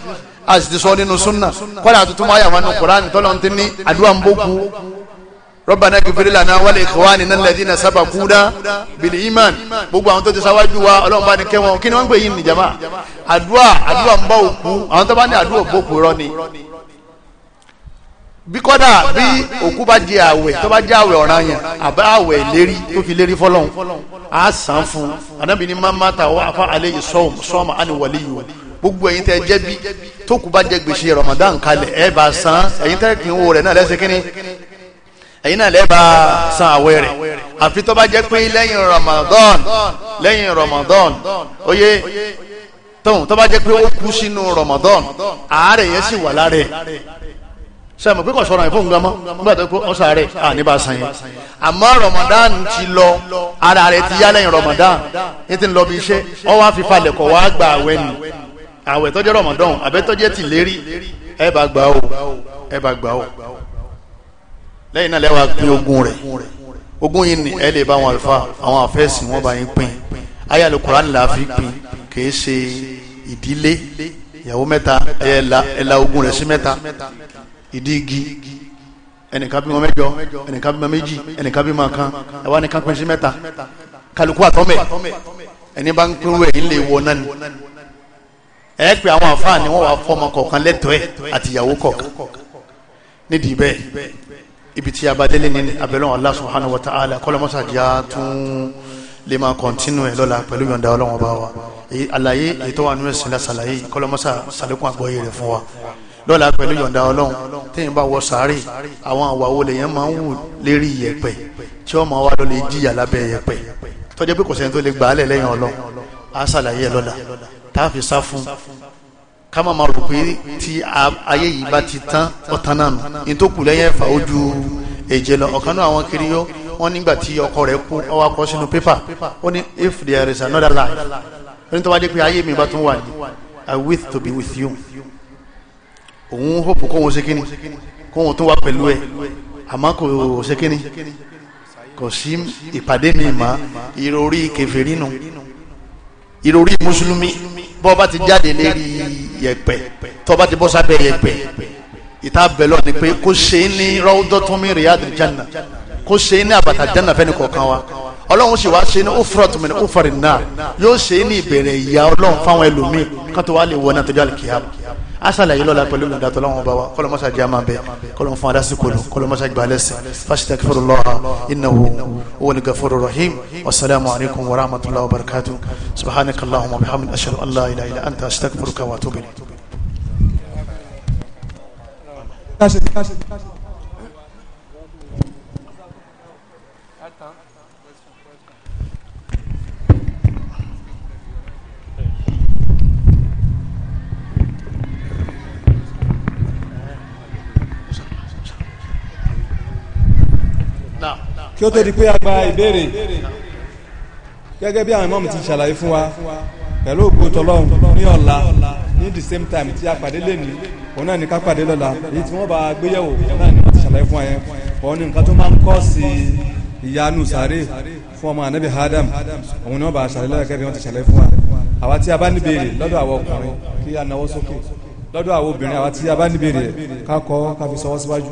a sì ti sọ nínú súnà kọ́lá àtúntún máa yàwọn nínú kùránì tọ́lọ́ ti ní àdúrà ń bógun rọ́bànà gífèrè lànà wálé ìkọ̀wání náà lẹ́dí náà sábà kúdá bìlì imán gbogbo àwọn tó ti sáwájú wa ọlọ́run bá ní kẹ́wọn kí ni wọ́n ń pè yín nìjàmá àdúrà àdúrà ń bá òkú àwọn tó bá ní àdúrà òkú rọ ni bí kọ́dà bí òkú bá jẹ àwẹ̀ tó bá jẹ àwẹ̀ ọ̀ràn yẹn àbá àwẹ̀ lérí tó fi lérí fọlọ́hún á sàn fún un anábì ní máa ta wá fún alẹ́ yìí sọ́ọ̀mù sọ́ọ̀mù àníwọlé yìí gbogbo ẹ̀yin tẹ́ jẹ́ bí tó kú bá jẹ gbèsè Ramadan kalẹ̀ ẹ̀ bá san ẹ̀yin tẹ́ kí n wo rẹ̀ náà lẹ́sẹ̀ kínní ẹ̀yin náà lẹ́ẹ̀ bá san àwẹ̀ rẹ̀ àfi tó bá jẹ́ pé lẹ́yìn Ramadan lẹ́yìn Ramadan oyè tóun tó bá jẹ́ pé ó kú sínú Ramadan àárẹ̀ yẹn sì wà lára sẹ́mi pé kò sọ̀rọ̀ ìfún gbọmọ́ nígbà tó kó ọ sáré à níbà àmọ́ Ramadan ti lọ ara rẹ̀ ti yá lẹ́yìn Ramadan ní ti ń lọ bí iṣẹ́ ọ wá fi falẹ̀ kọ̀ wá gba àwẹ̀ nì àwẹ̀ tó Ramadan àbẹ́ tó ti tì lérí ẹ bá gbà ó ẹ bá gbà ó lẹ́yìn náà lẹ́wà pín ogún rẹ̀ ogún yìí ni ẹ lè bá àwọn àlùfáà àwọn àfẹ́sìn wọn bá yín pín ayé al la fi pín kì í ṣe ìdílé ìyàwó mẹ́ta ẹ̀ẹ́la ẹ̀la ogún rẹ̀ sí mẹ́ta ìdí igi ẹnìkan bí wọn mẹ́jọ ẹnìkan bí wọn méjì ẹnìkan bí wọn kan ẹwà nìkan pín sí mẹ́ta kálukú àtọmẹ ẹni bá ń pinnu ẹ ńlẹ wọ náà ni ẹ pé àwọn àfáà ni wọn wà fọmọ kọ̀ọ̀kan lẹ́tọ̀ọ́ ẹ àti ìyàwó kọ̀ọ̀kan nídìí bẹ́ẹ̀ ibi tí a bá délé ní abẹ́lẹ́ Allah subhanahu wa ta'ala kọ́lọ́mọ́sàdìyà tún lè máa kọ̀ntínú ẹ̀ lọ́la pẹ̀lú yọ̀ǹda ọlọ́wọ́n bá wa àlàyé ètò àánú ẹ̀sìn lásàlàyé kọ́lọ́mọ́sà sàlékún àgbọ́yé rẹ̀ fún wa lọ́la pẹ̀lú yọ̀ǹda ọlọ́run téèyàn bá wọ sàárè àwọn àwàwo lèyàn máa ń wù lérí yẹ̀pẹ̀ tí ọmọ wa lọ lè jìyà lábẹ́ yẹ̀pẹ̀ tọ́jú pé kò sẹ́ni tó lè gbà á lẹ̀ lẹ́yìn ọlọ́run á ṣàlàyé lọ́la tá a fi sá fún ká má máa rò pé tí ayé yìí bá ti tán ọ̀tán náà nù ní tó kù lẹ́yìn ẹ̀fà ojú èjè lọ ọ̀kan náà àwọn kiri yó wọ́n nígbà tí ọkọ rẹ̀ kú ó wá sínú pépà ó ní if there is another life ó ní tó wá dé pé ayé mi bá tún wà ní i wish to be with you òun hópù kóhun ṣe kíni kóhun tó wá pẹ̀lú ẹ àmọ́ kò ṣe kíni kò sí ìpàdé mi mà ìròrí kẹfìrí nù ìròrí mùsùlùmí bọ́ bá ti jáde lérí yẹ̀pẹ̀ tọ́ bá ti bọ́ sábẹ́ yẹ̀pẹ̀ ìta bẹ̀lọ́ ni pé kó ṣe é ní rawdatun min riyadil janna kó ṣe é ní àbàtà janna fẹ́ni kọ̀ọ̀kan wa ọlọ́run sì wá ṣe é ní ufrat min ufarin nar yóò ṣe é ní ìbẹ̀rẹ̀ ìyá ọlọ́run fáwọn ẹlòmíì kátó wá lè wọ náà tó jáde kìíyàmù aṣàlàyé lọ́la pẹ̀lú ìdàtọ̀ láwọn bá wa kọlọmọsá jẹ́ àmà bẹ́ẹ̀ kọlọmọ fún adásí kọlọ kọlọmọsá gbà lẹ́sẹ̀ fastaghfirullah innahu huwal ghafurur rahim wasalaamu alaykum wa rahmatullahi wa barakatuh subhanakallahumma wa bihamdika ashhadu an la ilaha illa anta astaghfiruka wa atubu ilayk. kí ó tó di pé a gba ìbéèrè gẹ́gẹ́ bí àwọn ìmáàmù ti ṣàlàyé fún wa pẹ̀lú ògbó tọlọ́run ní ọ̀la ní the same time tí a pàdé lè ní òun náà ní ká pàdé lọ́la èyí tí wọ́n bá gbéyẹ̀wò náà ní wọ́n ti ṣàlàyé fún wa yẹn òun ní nǹkan tó máa ń kọ́ sí ìyanu sáré fún ọmọ anabi adam òun ní wọ́n bá ṣàlàyé lọ́la gẹ́gẹ́ bí wọ́n ti ṣàlàyé fún wa àwa tí a bá níbèrè lọ́dọ̀ àwọn ọkùnrin kí a náwó sókè lọ́dọ̀ àwọn obìnrin àwa tí a bá níbèrè ká kọ́ ká fi sọwọ́ síwájú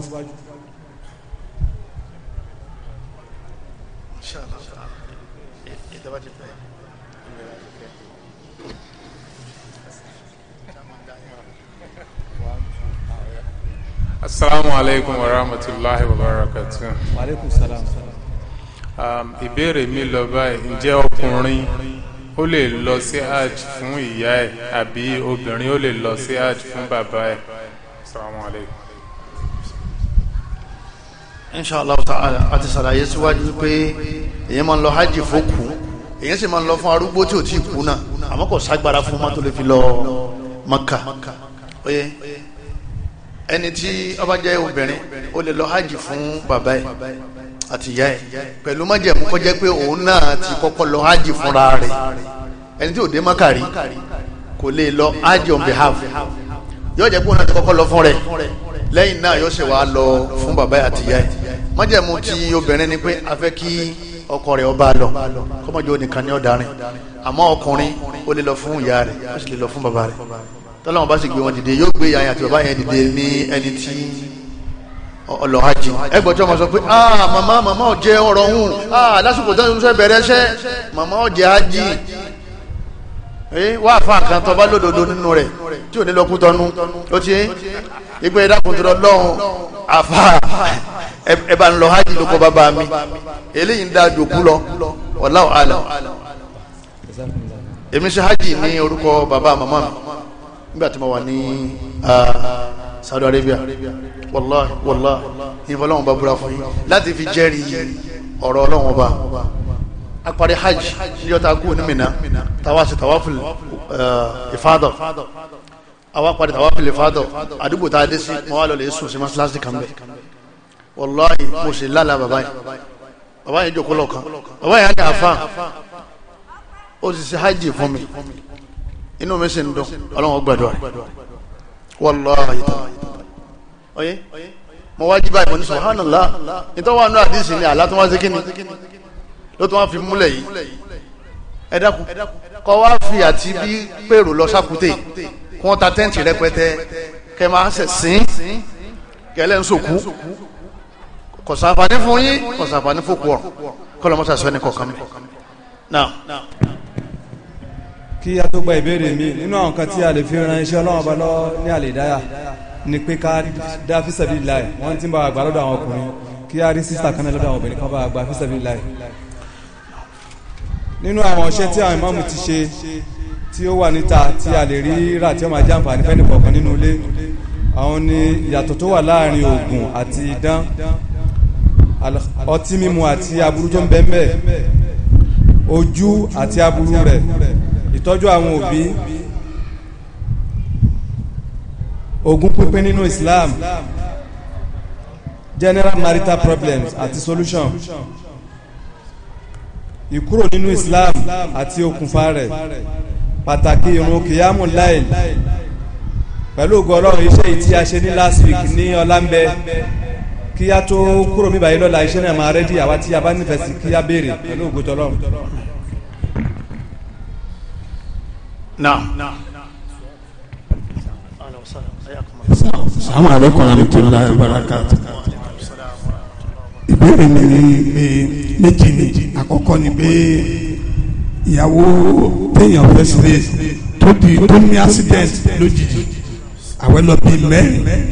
asalaamu aleykum wa rahmatulahi wa barakatu. wa aleykum salaam. Um, ìbéèrè mi lọ báyìí ǹjẹ́ ọkùnrin ó lè lọ sí hajj fún ìyá ẹ̀ àbí obìnrin ó lè lọ sí hajj fún bàbá ẹ̀. asalaamu aleykum. inshallah ta'ala àti sàlàyé síwájú pé èyí máa ń lọ hajj fókù èyí sì máa ń lọ fún arúgbó tí ò tí ì kú náà àmọ́ kò ságbára fún mọ́tò lè fi lọ Maka ẹni tí ó bá jẹ́ obìnrin ó lè lọ hajj fún bàbá ẹ̀ àti ìyá ẹ̀ pẹ̀lú májẹ̀mú kó jẹ́ pé òun náà ti kọ́kọ́ lọ hajj fúnra rẹ̀ ẹni tí ò dé mọ́kàrí kò lè lọ hajj on behalf yóò jẹ́ pé òun náà ti kọ́kọ́ lọ fún rẹ̀ lẹ́yìn náà yóò ṣe wàá lọ fún bàbá ẹ̀ àti ìyá ẹ̀ májẹ̀mú ti obìnrin ni pé a fẹ́ kí ọkọ rẹ̀ ọba lọ kọ́mọ́jọ́ nìkan ní ọ̀darin àmọ́ ọkùnrin ó lè lọ fún ìyá rẹ̀ ó sì lè lọ fún bàbá rẹ̀ tọ́lọ́wọ́n bá sì gbé wọn dìde yóò gbé ìyá yẹn àti bàbá yẹn dìde ní ẹni tí ọlọ́hajì ẹgbọ́n tí sọ pé ah mama màmá ọ̀jẹ̀ ọ̀rọ̀ hùn ah lásìkò tó ń sọ bẹ̀rẹ̀ ṣẹ́ màmá ọ̀jẹ̀ ájì wá àfa kan tó bá lódodo nínú rẹ̀ tí ò ní lọ kú tọnu ó ti ìgbẹ́ ìdákùntúrọ̀ lọ́hùn àfa ẹ ń lọ hajj lóko bàbá mi eléyìí ń da jòkú lọ wallahu alam èmi ṣe hajj ní orúkọ bàbá màmá mi nígbà tí mo wà ní Saudi Arabia wàláhì wàláhì ìfọ̀ ọlọ́run bá búra fún yín láti fi jẹ́rìí ọ̀rọ̀ ọlọ́run ọba apari hajj níjọ́ ta kú ní Mina tàwa sí tawaful ìfádà àwa parí tawaful ìfádà àdúgbò tá a dé sí mo wá lọ lè sùn sí mọ́ṣáláṣí kan bẹ́ẹ̀ wàláhì mo sì lálàá bàbá yìí bàbá yìí jókòó lọ́kàn bàbá yìí á ní ó sì ṣe hajj fún mi inú mi sì ń dùn ọlọ́run gbàdúrà rẹ̀ wallahi ọyẹ mo wá jí báyìí mo ní subhanallah nítorí wà nù àdìsí ni àlá tó wá sí kíni ló tó wá fi múlẹ̀ yìí ẹ dákun kọ wá fi àti bí pèrò lọ sákúté kí wọ́n ta tẹ́ǹtì rẹpẹtẹ kẹ máa ṣẹ̀ sín kẹlẹ́ ń sòkú kọ̀sàǹfààní fún yín kọ̀sàǹfààní fún kú ọ̀rọ̀ kọ́lọ́mọ́sà sọ́ni kọ̀ọ̀kan mi kí a tó gba ìbéèrè mi nínú àwọn kan tí a lè fi ran iṣẹ́ ọlọ́run ọba lọ ní àlèdáyà ni pé ká dá fíṣẹ̀bí láì wọ́n ti ń bá wa gbà lọ́dọ̀ àwọn ọkùnrin kí a rí sísà kan náà lọ́dọ̀ àwọn obìnrin kan bá wa gbà fíṣẹ̀bí láì. nínú àwọn iṣẹ́ tí àwọn ìmáàmù ti ṣe tí ó wà níta tí a lè rí rà tí ó máa jẹ́ àǹfààní fẹ́ni kọ̀ọ̀kan nínú ilé àwọn ni ìyàtọ̀ tó wà láàrin oògùn àti idán ọtí mímu àti aburú tó ń bẹ́ẹ̀ ojú àti aburú rẹ̀ ìtọ́jú àwọn òbí ogún pínpín nínú Islam general marital problems àti solution ìkúrò nínú Islam àti okùnfà rẹ̀ pàtàkì irun kìyàmù láìl pẹ̀lú ògo Ọlọ́run iṣẹ́ tí a ṣe ní last week ní ọlámbẹ kí a tó kúrò mi báyìí lọ́la iṣẹ́ náà máa rẹ́dí àwa tí a bá nífẹ̀ẹ́ sí kí a béèrè pẹ̀lú ògo Ọlọ́run. naam. sàmú àlékún warahmatullahi wabarakatuh. ìbéèrè mi ni méjì ni àkọ́kọ́ ni pé ìyàwó téèyàn fẹ́ sílẹ̀ tó di tó ní accident lójijì àwẹ̀ lọ bíi mẹ́rin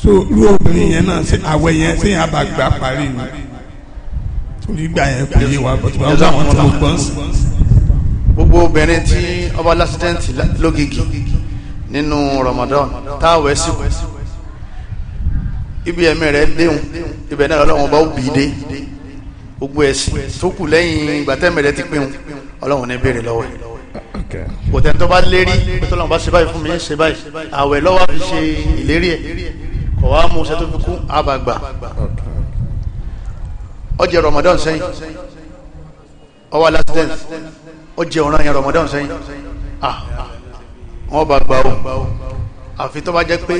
so irú obìnrin yẹn náà ṣe àwẹ̀ yẹn ṣéyìn àbàgbà parí ni torí gbà yẹn kò yé wa bọ́tù bá wọn tó gbọ́n sí gbogbo obìnrin tí ọba lásìdẹ́ǹtì lógìkì nínú Ramadan táwẹ̀ síkù ibi ẹ̀mí rẹ̀ déhùn ibẹ̀ náà Ọlọ́run bá bì í dé gbogbo ẹ̀sìn tó kù lẹ́yìn ìgbà tẹ́mì rẹ̀ ti pinnu Ọlọ́run ní béèrè lọ́wọ́ kò tẹ́ tó bá lérí pé tọ́lọ́run bá ṣe báyìí fún mi ṣe báyìí àwẹ̀ lọ́wọ́ fi ṣe ìlérí ẹ̀ kò wá mú iṣẹ́ tó fi kú àbàgbà ọjẹ́ Ramadan sẹ́yìn ọwọ́ lásìdẹ́ǹtì ó jẹ ọ̀ràn yẹn Ramadan sẹ́yìn ah, ah wọ́n bá gbà ó àfi tó bá jẹ́ pé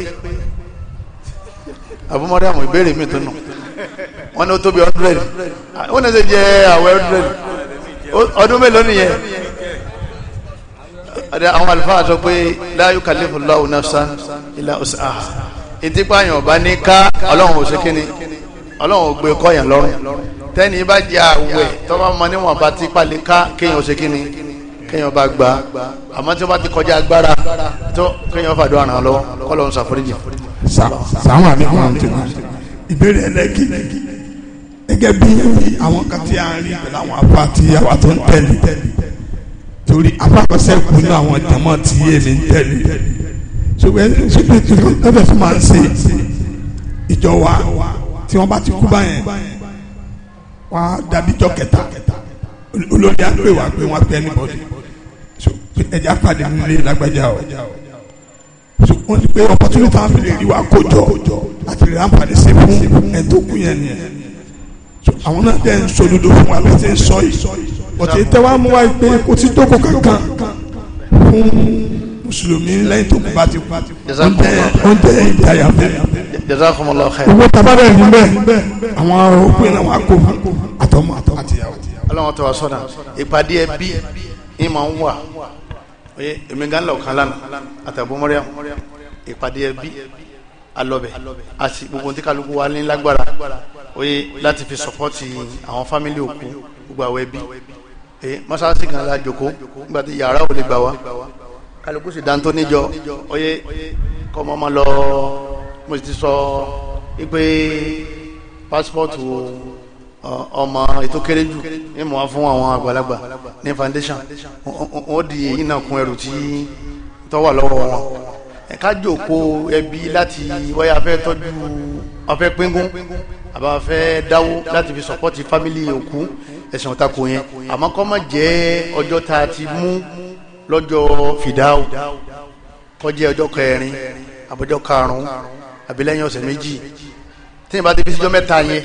àbúmọ́dé àwọn ìbéèrè mi tó nù wọ́n ní ó tóbi hundred ah, ó ní ṣe jẹ àwẹ̀ hundred ọdún mélòó nìyẹn àwọn àlùfáà sọ pé la yukallifu Allahu nafsan illa wus'aha ìtìpáyàn ọba ní ká ọlọ́run ò ṣe kíni ọlọ́run ò gbé kọ́yàn lọ́rùn tẹ́ni bá jẹ àwẹ̀ tọ́ba mọ níwọ̀n bá ti palẹ̀ ká kéèyàn ṣe kíni kéèyàn bá gbà àmọ́ tí wọ́n bá ti kọjá agbára tó kéèyàn fàdó àràn lọ kọ́ lọ́n ṣàforíjì. sàwọn àlékún àwọn tèmi ìbéèrè ẹlẹ́gì gẹ́gẹ́ bí àwọn kan tí a ń rí pẹ̀lú àwọn apá tí àwa tó ń tẹ̀lé torí apá kan sẹ́kù nínú àwọn jàmọ́ tí èmi ń tẹ̀lé ṣùgbọ́n ṣùgbọ́n tó fẹ́ fún máa ń ṣe ìjọ wa tí wọ́n bá ti kú báyẹn wọn á dàbí jọ kẹta olórí á pè wá pé wọn pè anybody so ẹjẹ apàdé nílé lágbájá o so wọn ti pé opportunity wọn fi lè rí wa kó jọ àti lè rámpa lè ṣe fún ẹtọ kú yẹn ni so àwọn náà dẹ́ ń sọdodo fún wa bẹ́ẹ̀ ṣe ń sọ yìí ọ̀tí tẹ́wàá mú wa pé kò sí tó kó kankan fún mùsùlùmí lẹ́yìn tó kù bá ti kú ó ń jẹ ìdáyà bẹ́ẹ̀. jazakumullahu khair. owó taba bẹ́ẹ̀ ni bẹ́ẹ̀ àwọn òpin náà wà kó àtọmọ àtọmọ àtìyàwó. aláwọ̀ tó wá sọ́nà ìpàdé ẹbí ni màá ń wà oye èmi gan lọ kan lánàá àtàbọ̀mọ́ríà ìpàdé ẹbí alọbẹ àti gbogbo tí kálukú wa ní lágbára oye láti fi sọpọ́tì àwọn fámílì òkú gbogbo àwọn ẹbí mọ́sálásí kan la jòkó nígbà tí yàrá ò lè gbà wá kálukú sì dáńtó níjọ Oye kọ́mọ ọmọ lọ mo ti sọ pé pásítọ̀tù ọmọ ètò kéré jù ní mọ̀ wá fún àwọn àgbàlagbà ní foundation wọ́n di èyí náà kún ẹrù tí tọ́wà lọ́wọ́ wọn ká jòkó ẹbí láti wáyà fẹ́ tọ́jú ọfẹ́ pínkún àbá dáwó láti fi sọpọ́tì fámílì òkú ẹ̀sìn ọ̀tako yẹn àmọ́ kọ́ má jẹ́ ọjọ́ tá ti mú lọ́jọ́ fìdáwò kọjá ọjọ́ kẹrin àbọ̀jọ́ karùn-ún àbílẹ́yìn ọ̀sẹ̀ méjì tí ìbá ti fi síjọ́ mẹ́ta yẹn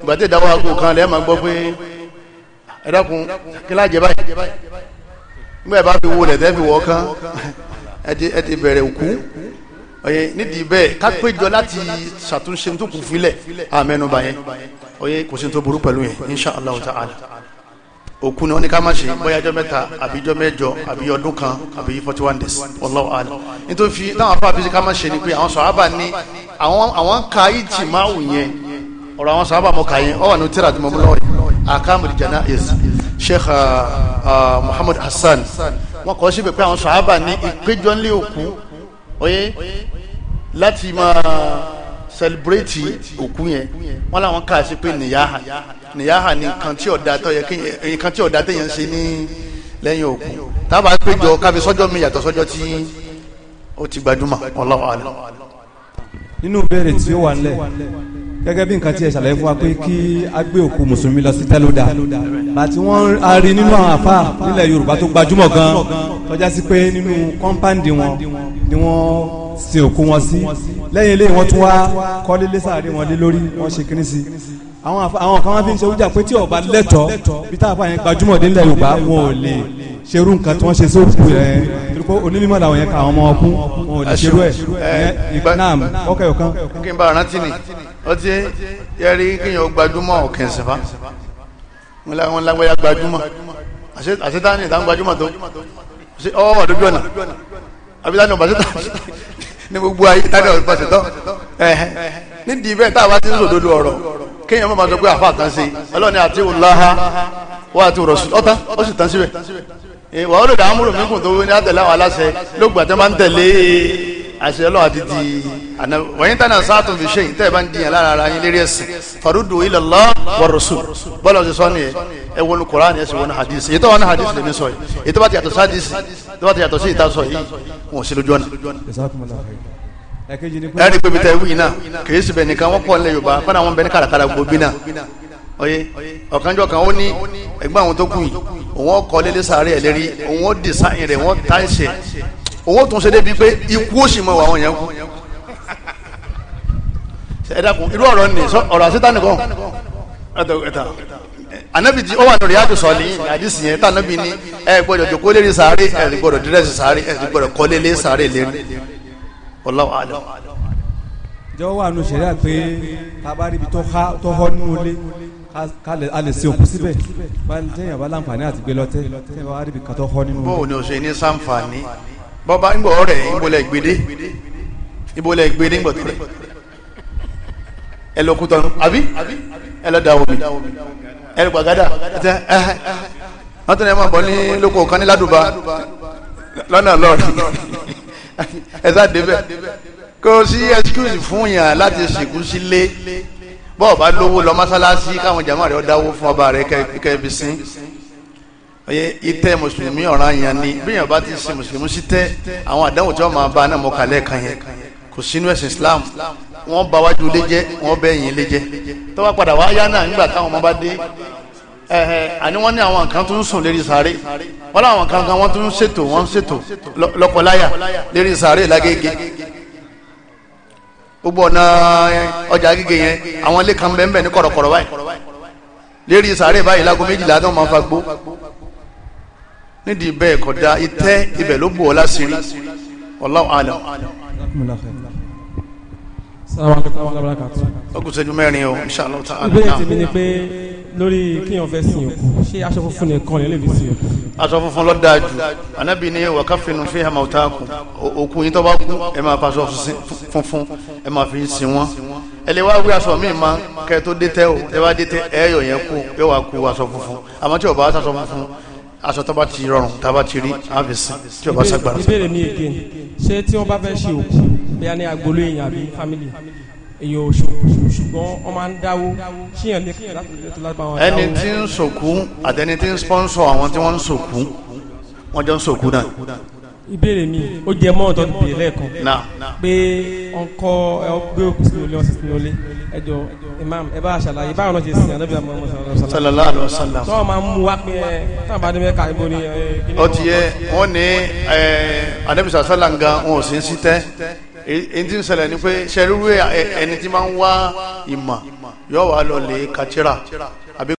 ìgbà tí ìdáwọ́ aago kan lẹ́ẹ̀ máa gbọ́ pé ẹ dákun kí láàjẹ báyìí nígbà ìbá fi wo lẹ̀tẹ́ fi wọ́ kán ẹ ti bẹ̀rẹ̀ òkú ọ̀yẹ́ nídìí bẹ́ẹ̀ ká péjọ láti ṣàtúnṣe tó kù fílẹ̀ àmẹ́nubà yẹn ọ̀yẹ́ kò sí tó burú pẹ̀lú yẹn insha Allah òkú ni wọ́n ní ká má ṣe bóyá ọjọ́ mẹ́ta àbí ọjọ́ mẹ́jọ àbí ọdún kan àbí forty one days Allahu a'lam nítorí fi táwọn afá àbísí ká má ṣe ni pé àwọn sọ̀hábà ní àwọn ka ìjì máa wù yẹn ọ̀rọ̀ àwọn sọ̀hábà mọ̀ kà yẹn ó wà ní tíra àti mọ̀mú lọ́wọ́ yìí akamul janaiz Sheikh uh, uh, Muhammad Hassan wọ́n kọ́ síbẹ̀ pé àwọn sọ̀hábà ní ìpéjọ ńlẹ̀ òkú oyé láti máa celebrate òkú yẹn wọ́n láwọn ká sí pé nìyá nìyáhà ni nǹkan tí ọ̀dà tó yẹ kí nǹkan tí ọ̀dà téèyàn ṣe ní lẹ́yìn òkú tábà péjọ káfí sọ́jọ́ mi yàtọ̀ sọ́jọ́ tí ó ti gbajúmọ̀ Allahu alam. nínú ìbéèrè tí ó wà nílẹ̀ gẹ́gẹ́ bí nǹkan tí ẹ ṣàlàyé fún wa pé kí a gbé òkú mùsùlùmí lọ sí tẹ́lódà àti wọ́n a rí nínú àwọn àfa nílẹ̀ Yorùbá tó gbajúmọ̀ gan tọ́já sí pé nínú kọ́ńpáǹdì wọn ni wọ́n sin òkú wọn sí lẹ́yìn ilé wọn tún wá kọ́lé lẹ́sàárẹ̀ wọn lé lórí wọn ṣe kínní sí àwọn àwọn kan máa fi ń ṣe oúnjẹ pé tí ọba lẹ́tọ̀ bí táwọn àfààní gbajúmọ̀ dé nílẹ̀ yorùbá wọn ò lè ṣerú nǹkan tí wọ́n ṣe sóòkù rẹ̀ torí pé onímọ̀ làwọn yẹn ka àwọn ọmọ ọkú wọn ò lè ṣerú ẹ̀ naam ọkẹ́ ọ̀kan. kí n bá rántí ni ọtí yẹrí kéèyàn gbajúmọ̀ ọ̀kìn sèfà wọn lágbáyà gbajúmọ̀ àṣetánì ìta gbajúmọ̀ tó ọwọ́ àdójú ọ̀nà àbí táwọn ọba (laughs) ní gbogbo ayé táwọn ọba ṣetán nídìí bẹ́ẹ̀ táwa ti ń sòdodo ọ̀rọ̀ kéèyàn máa sọ pé àfa àtàn sí ọlọ́ni àti ọláha wà àti rọ̀ṣù ọ̀tán ó sì tán síbẹ̀ ìwà olùdá amúrò mímú tó ní àtẹ̀lé àwọn aláṣẹ lóògbà tó máa ń tẹ̀lé àṣẹ ọlọ́wà ti di àná wọ̀nyí tánà sáàtún fi ṣe yìí tẹ́ẹ̀ bá ń diyàn lára ara yín lérí ẹ̀sìn farudu ila Allah wa rasul bọ́lá ọ̀sẹ̀ sọ́ni ẹ̀ ẹ̀ wọnú Qur'an ẹ̀ sì wọnú hadith èyí tó wọnú hadith lèmi sọ yìí èyí tó bá ti yàtọ̀ sí hadith tó bá ti yàtọ̀ sí ìta sọ yìí wọn ò sí lójú ọ̀nà ẹ̀rí pé bìtẹ̀ wíì náà kìí síbẹ̀ nìkan wọ́n pọ̀ nílẹ̀ yorùbá fúnra wọn bẹ ní kàràkàrà gbòbí náà ọyẹ ọ̀kanjọ́ kan ó ní ẹgbẹ́ àwọn tó kù yìí òun ọkọ̀ lélẹ́ sáré ẹ̀ lérí òun ó dì sáyìn rẹ̀ wọ́n tá ìṣe òun ó tún ṣe débi pé ikú ó sì mọ àwọn yẹn kú. ẹ dákun irú ọ̀rọ̀ ni ọ̀rọ̀ àṣetá nìkan anabi ti ó wà lórí àti sọ ní àdìsí yẹn tá anabi ní ẹ gbọ́dọ̀ jòkó lérí sáré ẹ gbọ́dọ̀ dírẹ́sì sáré ẹ gbọ́dọ̀ kọ́ lélẹ́ sáré lérí wallahu alam. jọ̀wọ́ wà nù sẹ́yà pé tabari bi tó họ́ nù lé k'ale ale se o kosɛbɛ bali tɛ yaba lanfani àti gbelɔtɛ tɛ yaba ali bi katɔ hɔni. bó o ní o se ní sanfani bàbá ń bọ̀ ọ̀rẹ́ ìbólẹ̀ gbede ìbólẹ̀ gbede ń bọ̀ tẹ̀lé ẹlòkútọ̀ àbí ẹlòdàwọ̀bì ẹlògbàgádà ẹtẹ ẹhẹ wọn tẹ̀lé ẹ máa bọ̀ ní lóko kan ní ládùbà ẹ sá débẹ̀ kò sí excuse fún yàn láti sìnkú sílé bọ́ọ̀ bá lówó lọ mọ́sálásí káwọn jàmọ́ rẹ̀ dáwó fún ọba rẹ̀ kẹ́ẹ̀bí sín oye itẹ́ mùsùlùmí ọ̀ràn yẹn ni bí yàn bá ti sin mùsùlùmí sí tẹ́ àwọn àdánwò tí wọ́n máa bá náà mọ̀kálẹ̀ kan yẹn kò sínú ẹ̀sìn Islam wọ́n bá wájú lé jẹ́ wọ́n bẹ́yìn lé jẹ́ tọ́wọ́ padà wáyá náà nígbà táwọn ọmọ bá dé àní wọ́n ní àwọn nǹkan tó ń sùn lérí sáré wọ́n láwọn nǹkan kan wọ́n tó ń ṣètò wọ́n ṣètò lọ́kọláyà lérí sáré lágége ọjà yẹn àwọn ilé kan bẹ́ẹ̀ ní kọ̀rọ̀kọ̀rọ̀ báyìí lérí sáré báyìí lágo méjìlá tó máa fa gbó nídìí bẹ́ẹ̀ kọ̀dá itẹ́ ibẹ̀ ló bù ọ́ lórí kíyàn fẹ́ sin òkú ṣé aṣọ funfun nìkan lè fi sin òkú. aṣọ funfun ló dáa jù anabi ni wakafinu fi hama ọ̀tá kù òkú yín tó bá kú ẹ máa fa aṣọ funfun ẹ máa fi sin wọn ẹ lè wá wí aṣọ míì máa kẹ tó dé tẹ o ẹ bá dé tẹ ẹ yọ yẹn kú yóò wá kú aṣọ funfun àmọ́ tí o bá aṣọ funfun aṣọ tó bá ti rọrùn tá a bá ti rí a fi sin tí o bá ṣàgbára. ìbéèrè mi èké ṣé tí wọ́n bá fẹ́ ṣe òkú bí èyí ò ṣòkòṣò ṣùgbọ́n wọ́n máa ń dáwó ṣíyàn lè kí láti lè tó lágbà ẹni tí ń sòkú àtẹni tí ń sponsor àwọn tí wọ́n ń sòkú wọ́n jọ ń sòkú náà. ìbéèrè mi ó jẹ mọ́ ọ̀tọ̀ bèèrè lẹ́ẹ̀kan pé ọkọ gbé òkú sínú ilé ọ̀sẹ̀ sínú ilé ẹjọ́ imam ẹ bá ṣàlàyé báwọn náà ṣe sìn ànábì Muhammad sallallahu alaihi wasallam. sọ ma mú wa pé ẹ táwọn bá dé mẹ́ka ibo ni. ó ti yẹ wọ́n èyí tí ń ṣẹlẹ̀ ni pé ṣẹlúwẹ̀ ẹni tí máa ń wá ìmọ̀ yóò wá lọ lè kàtírà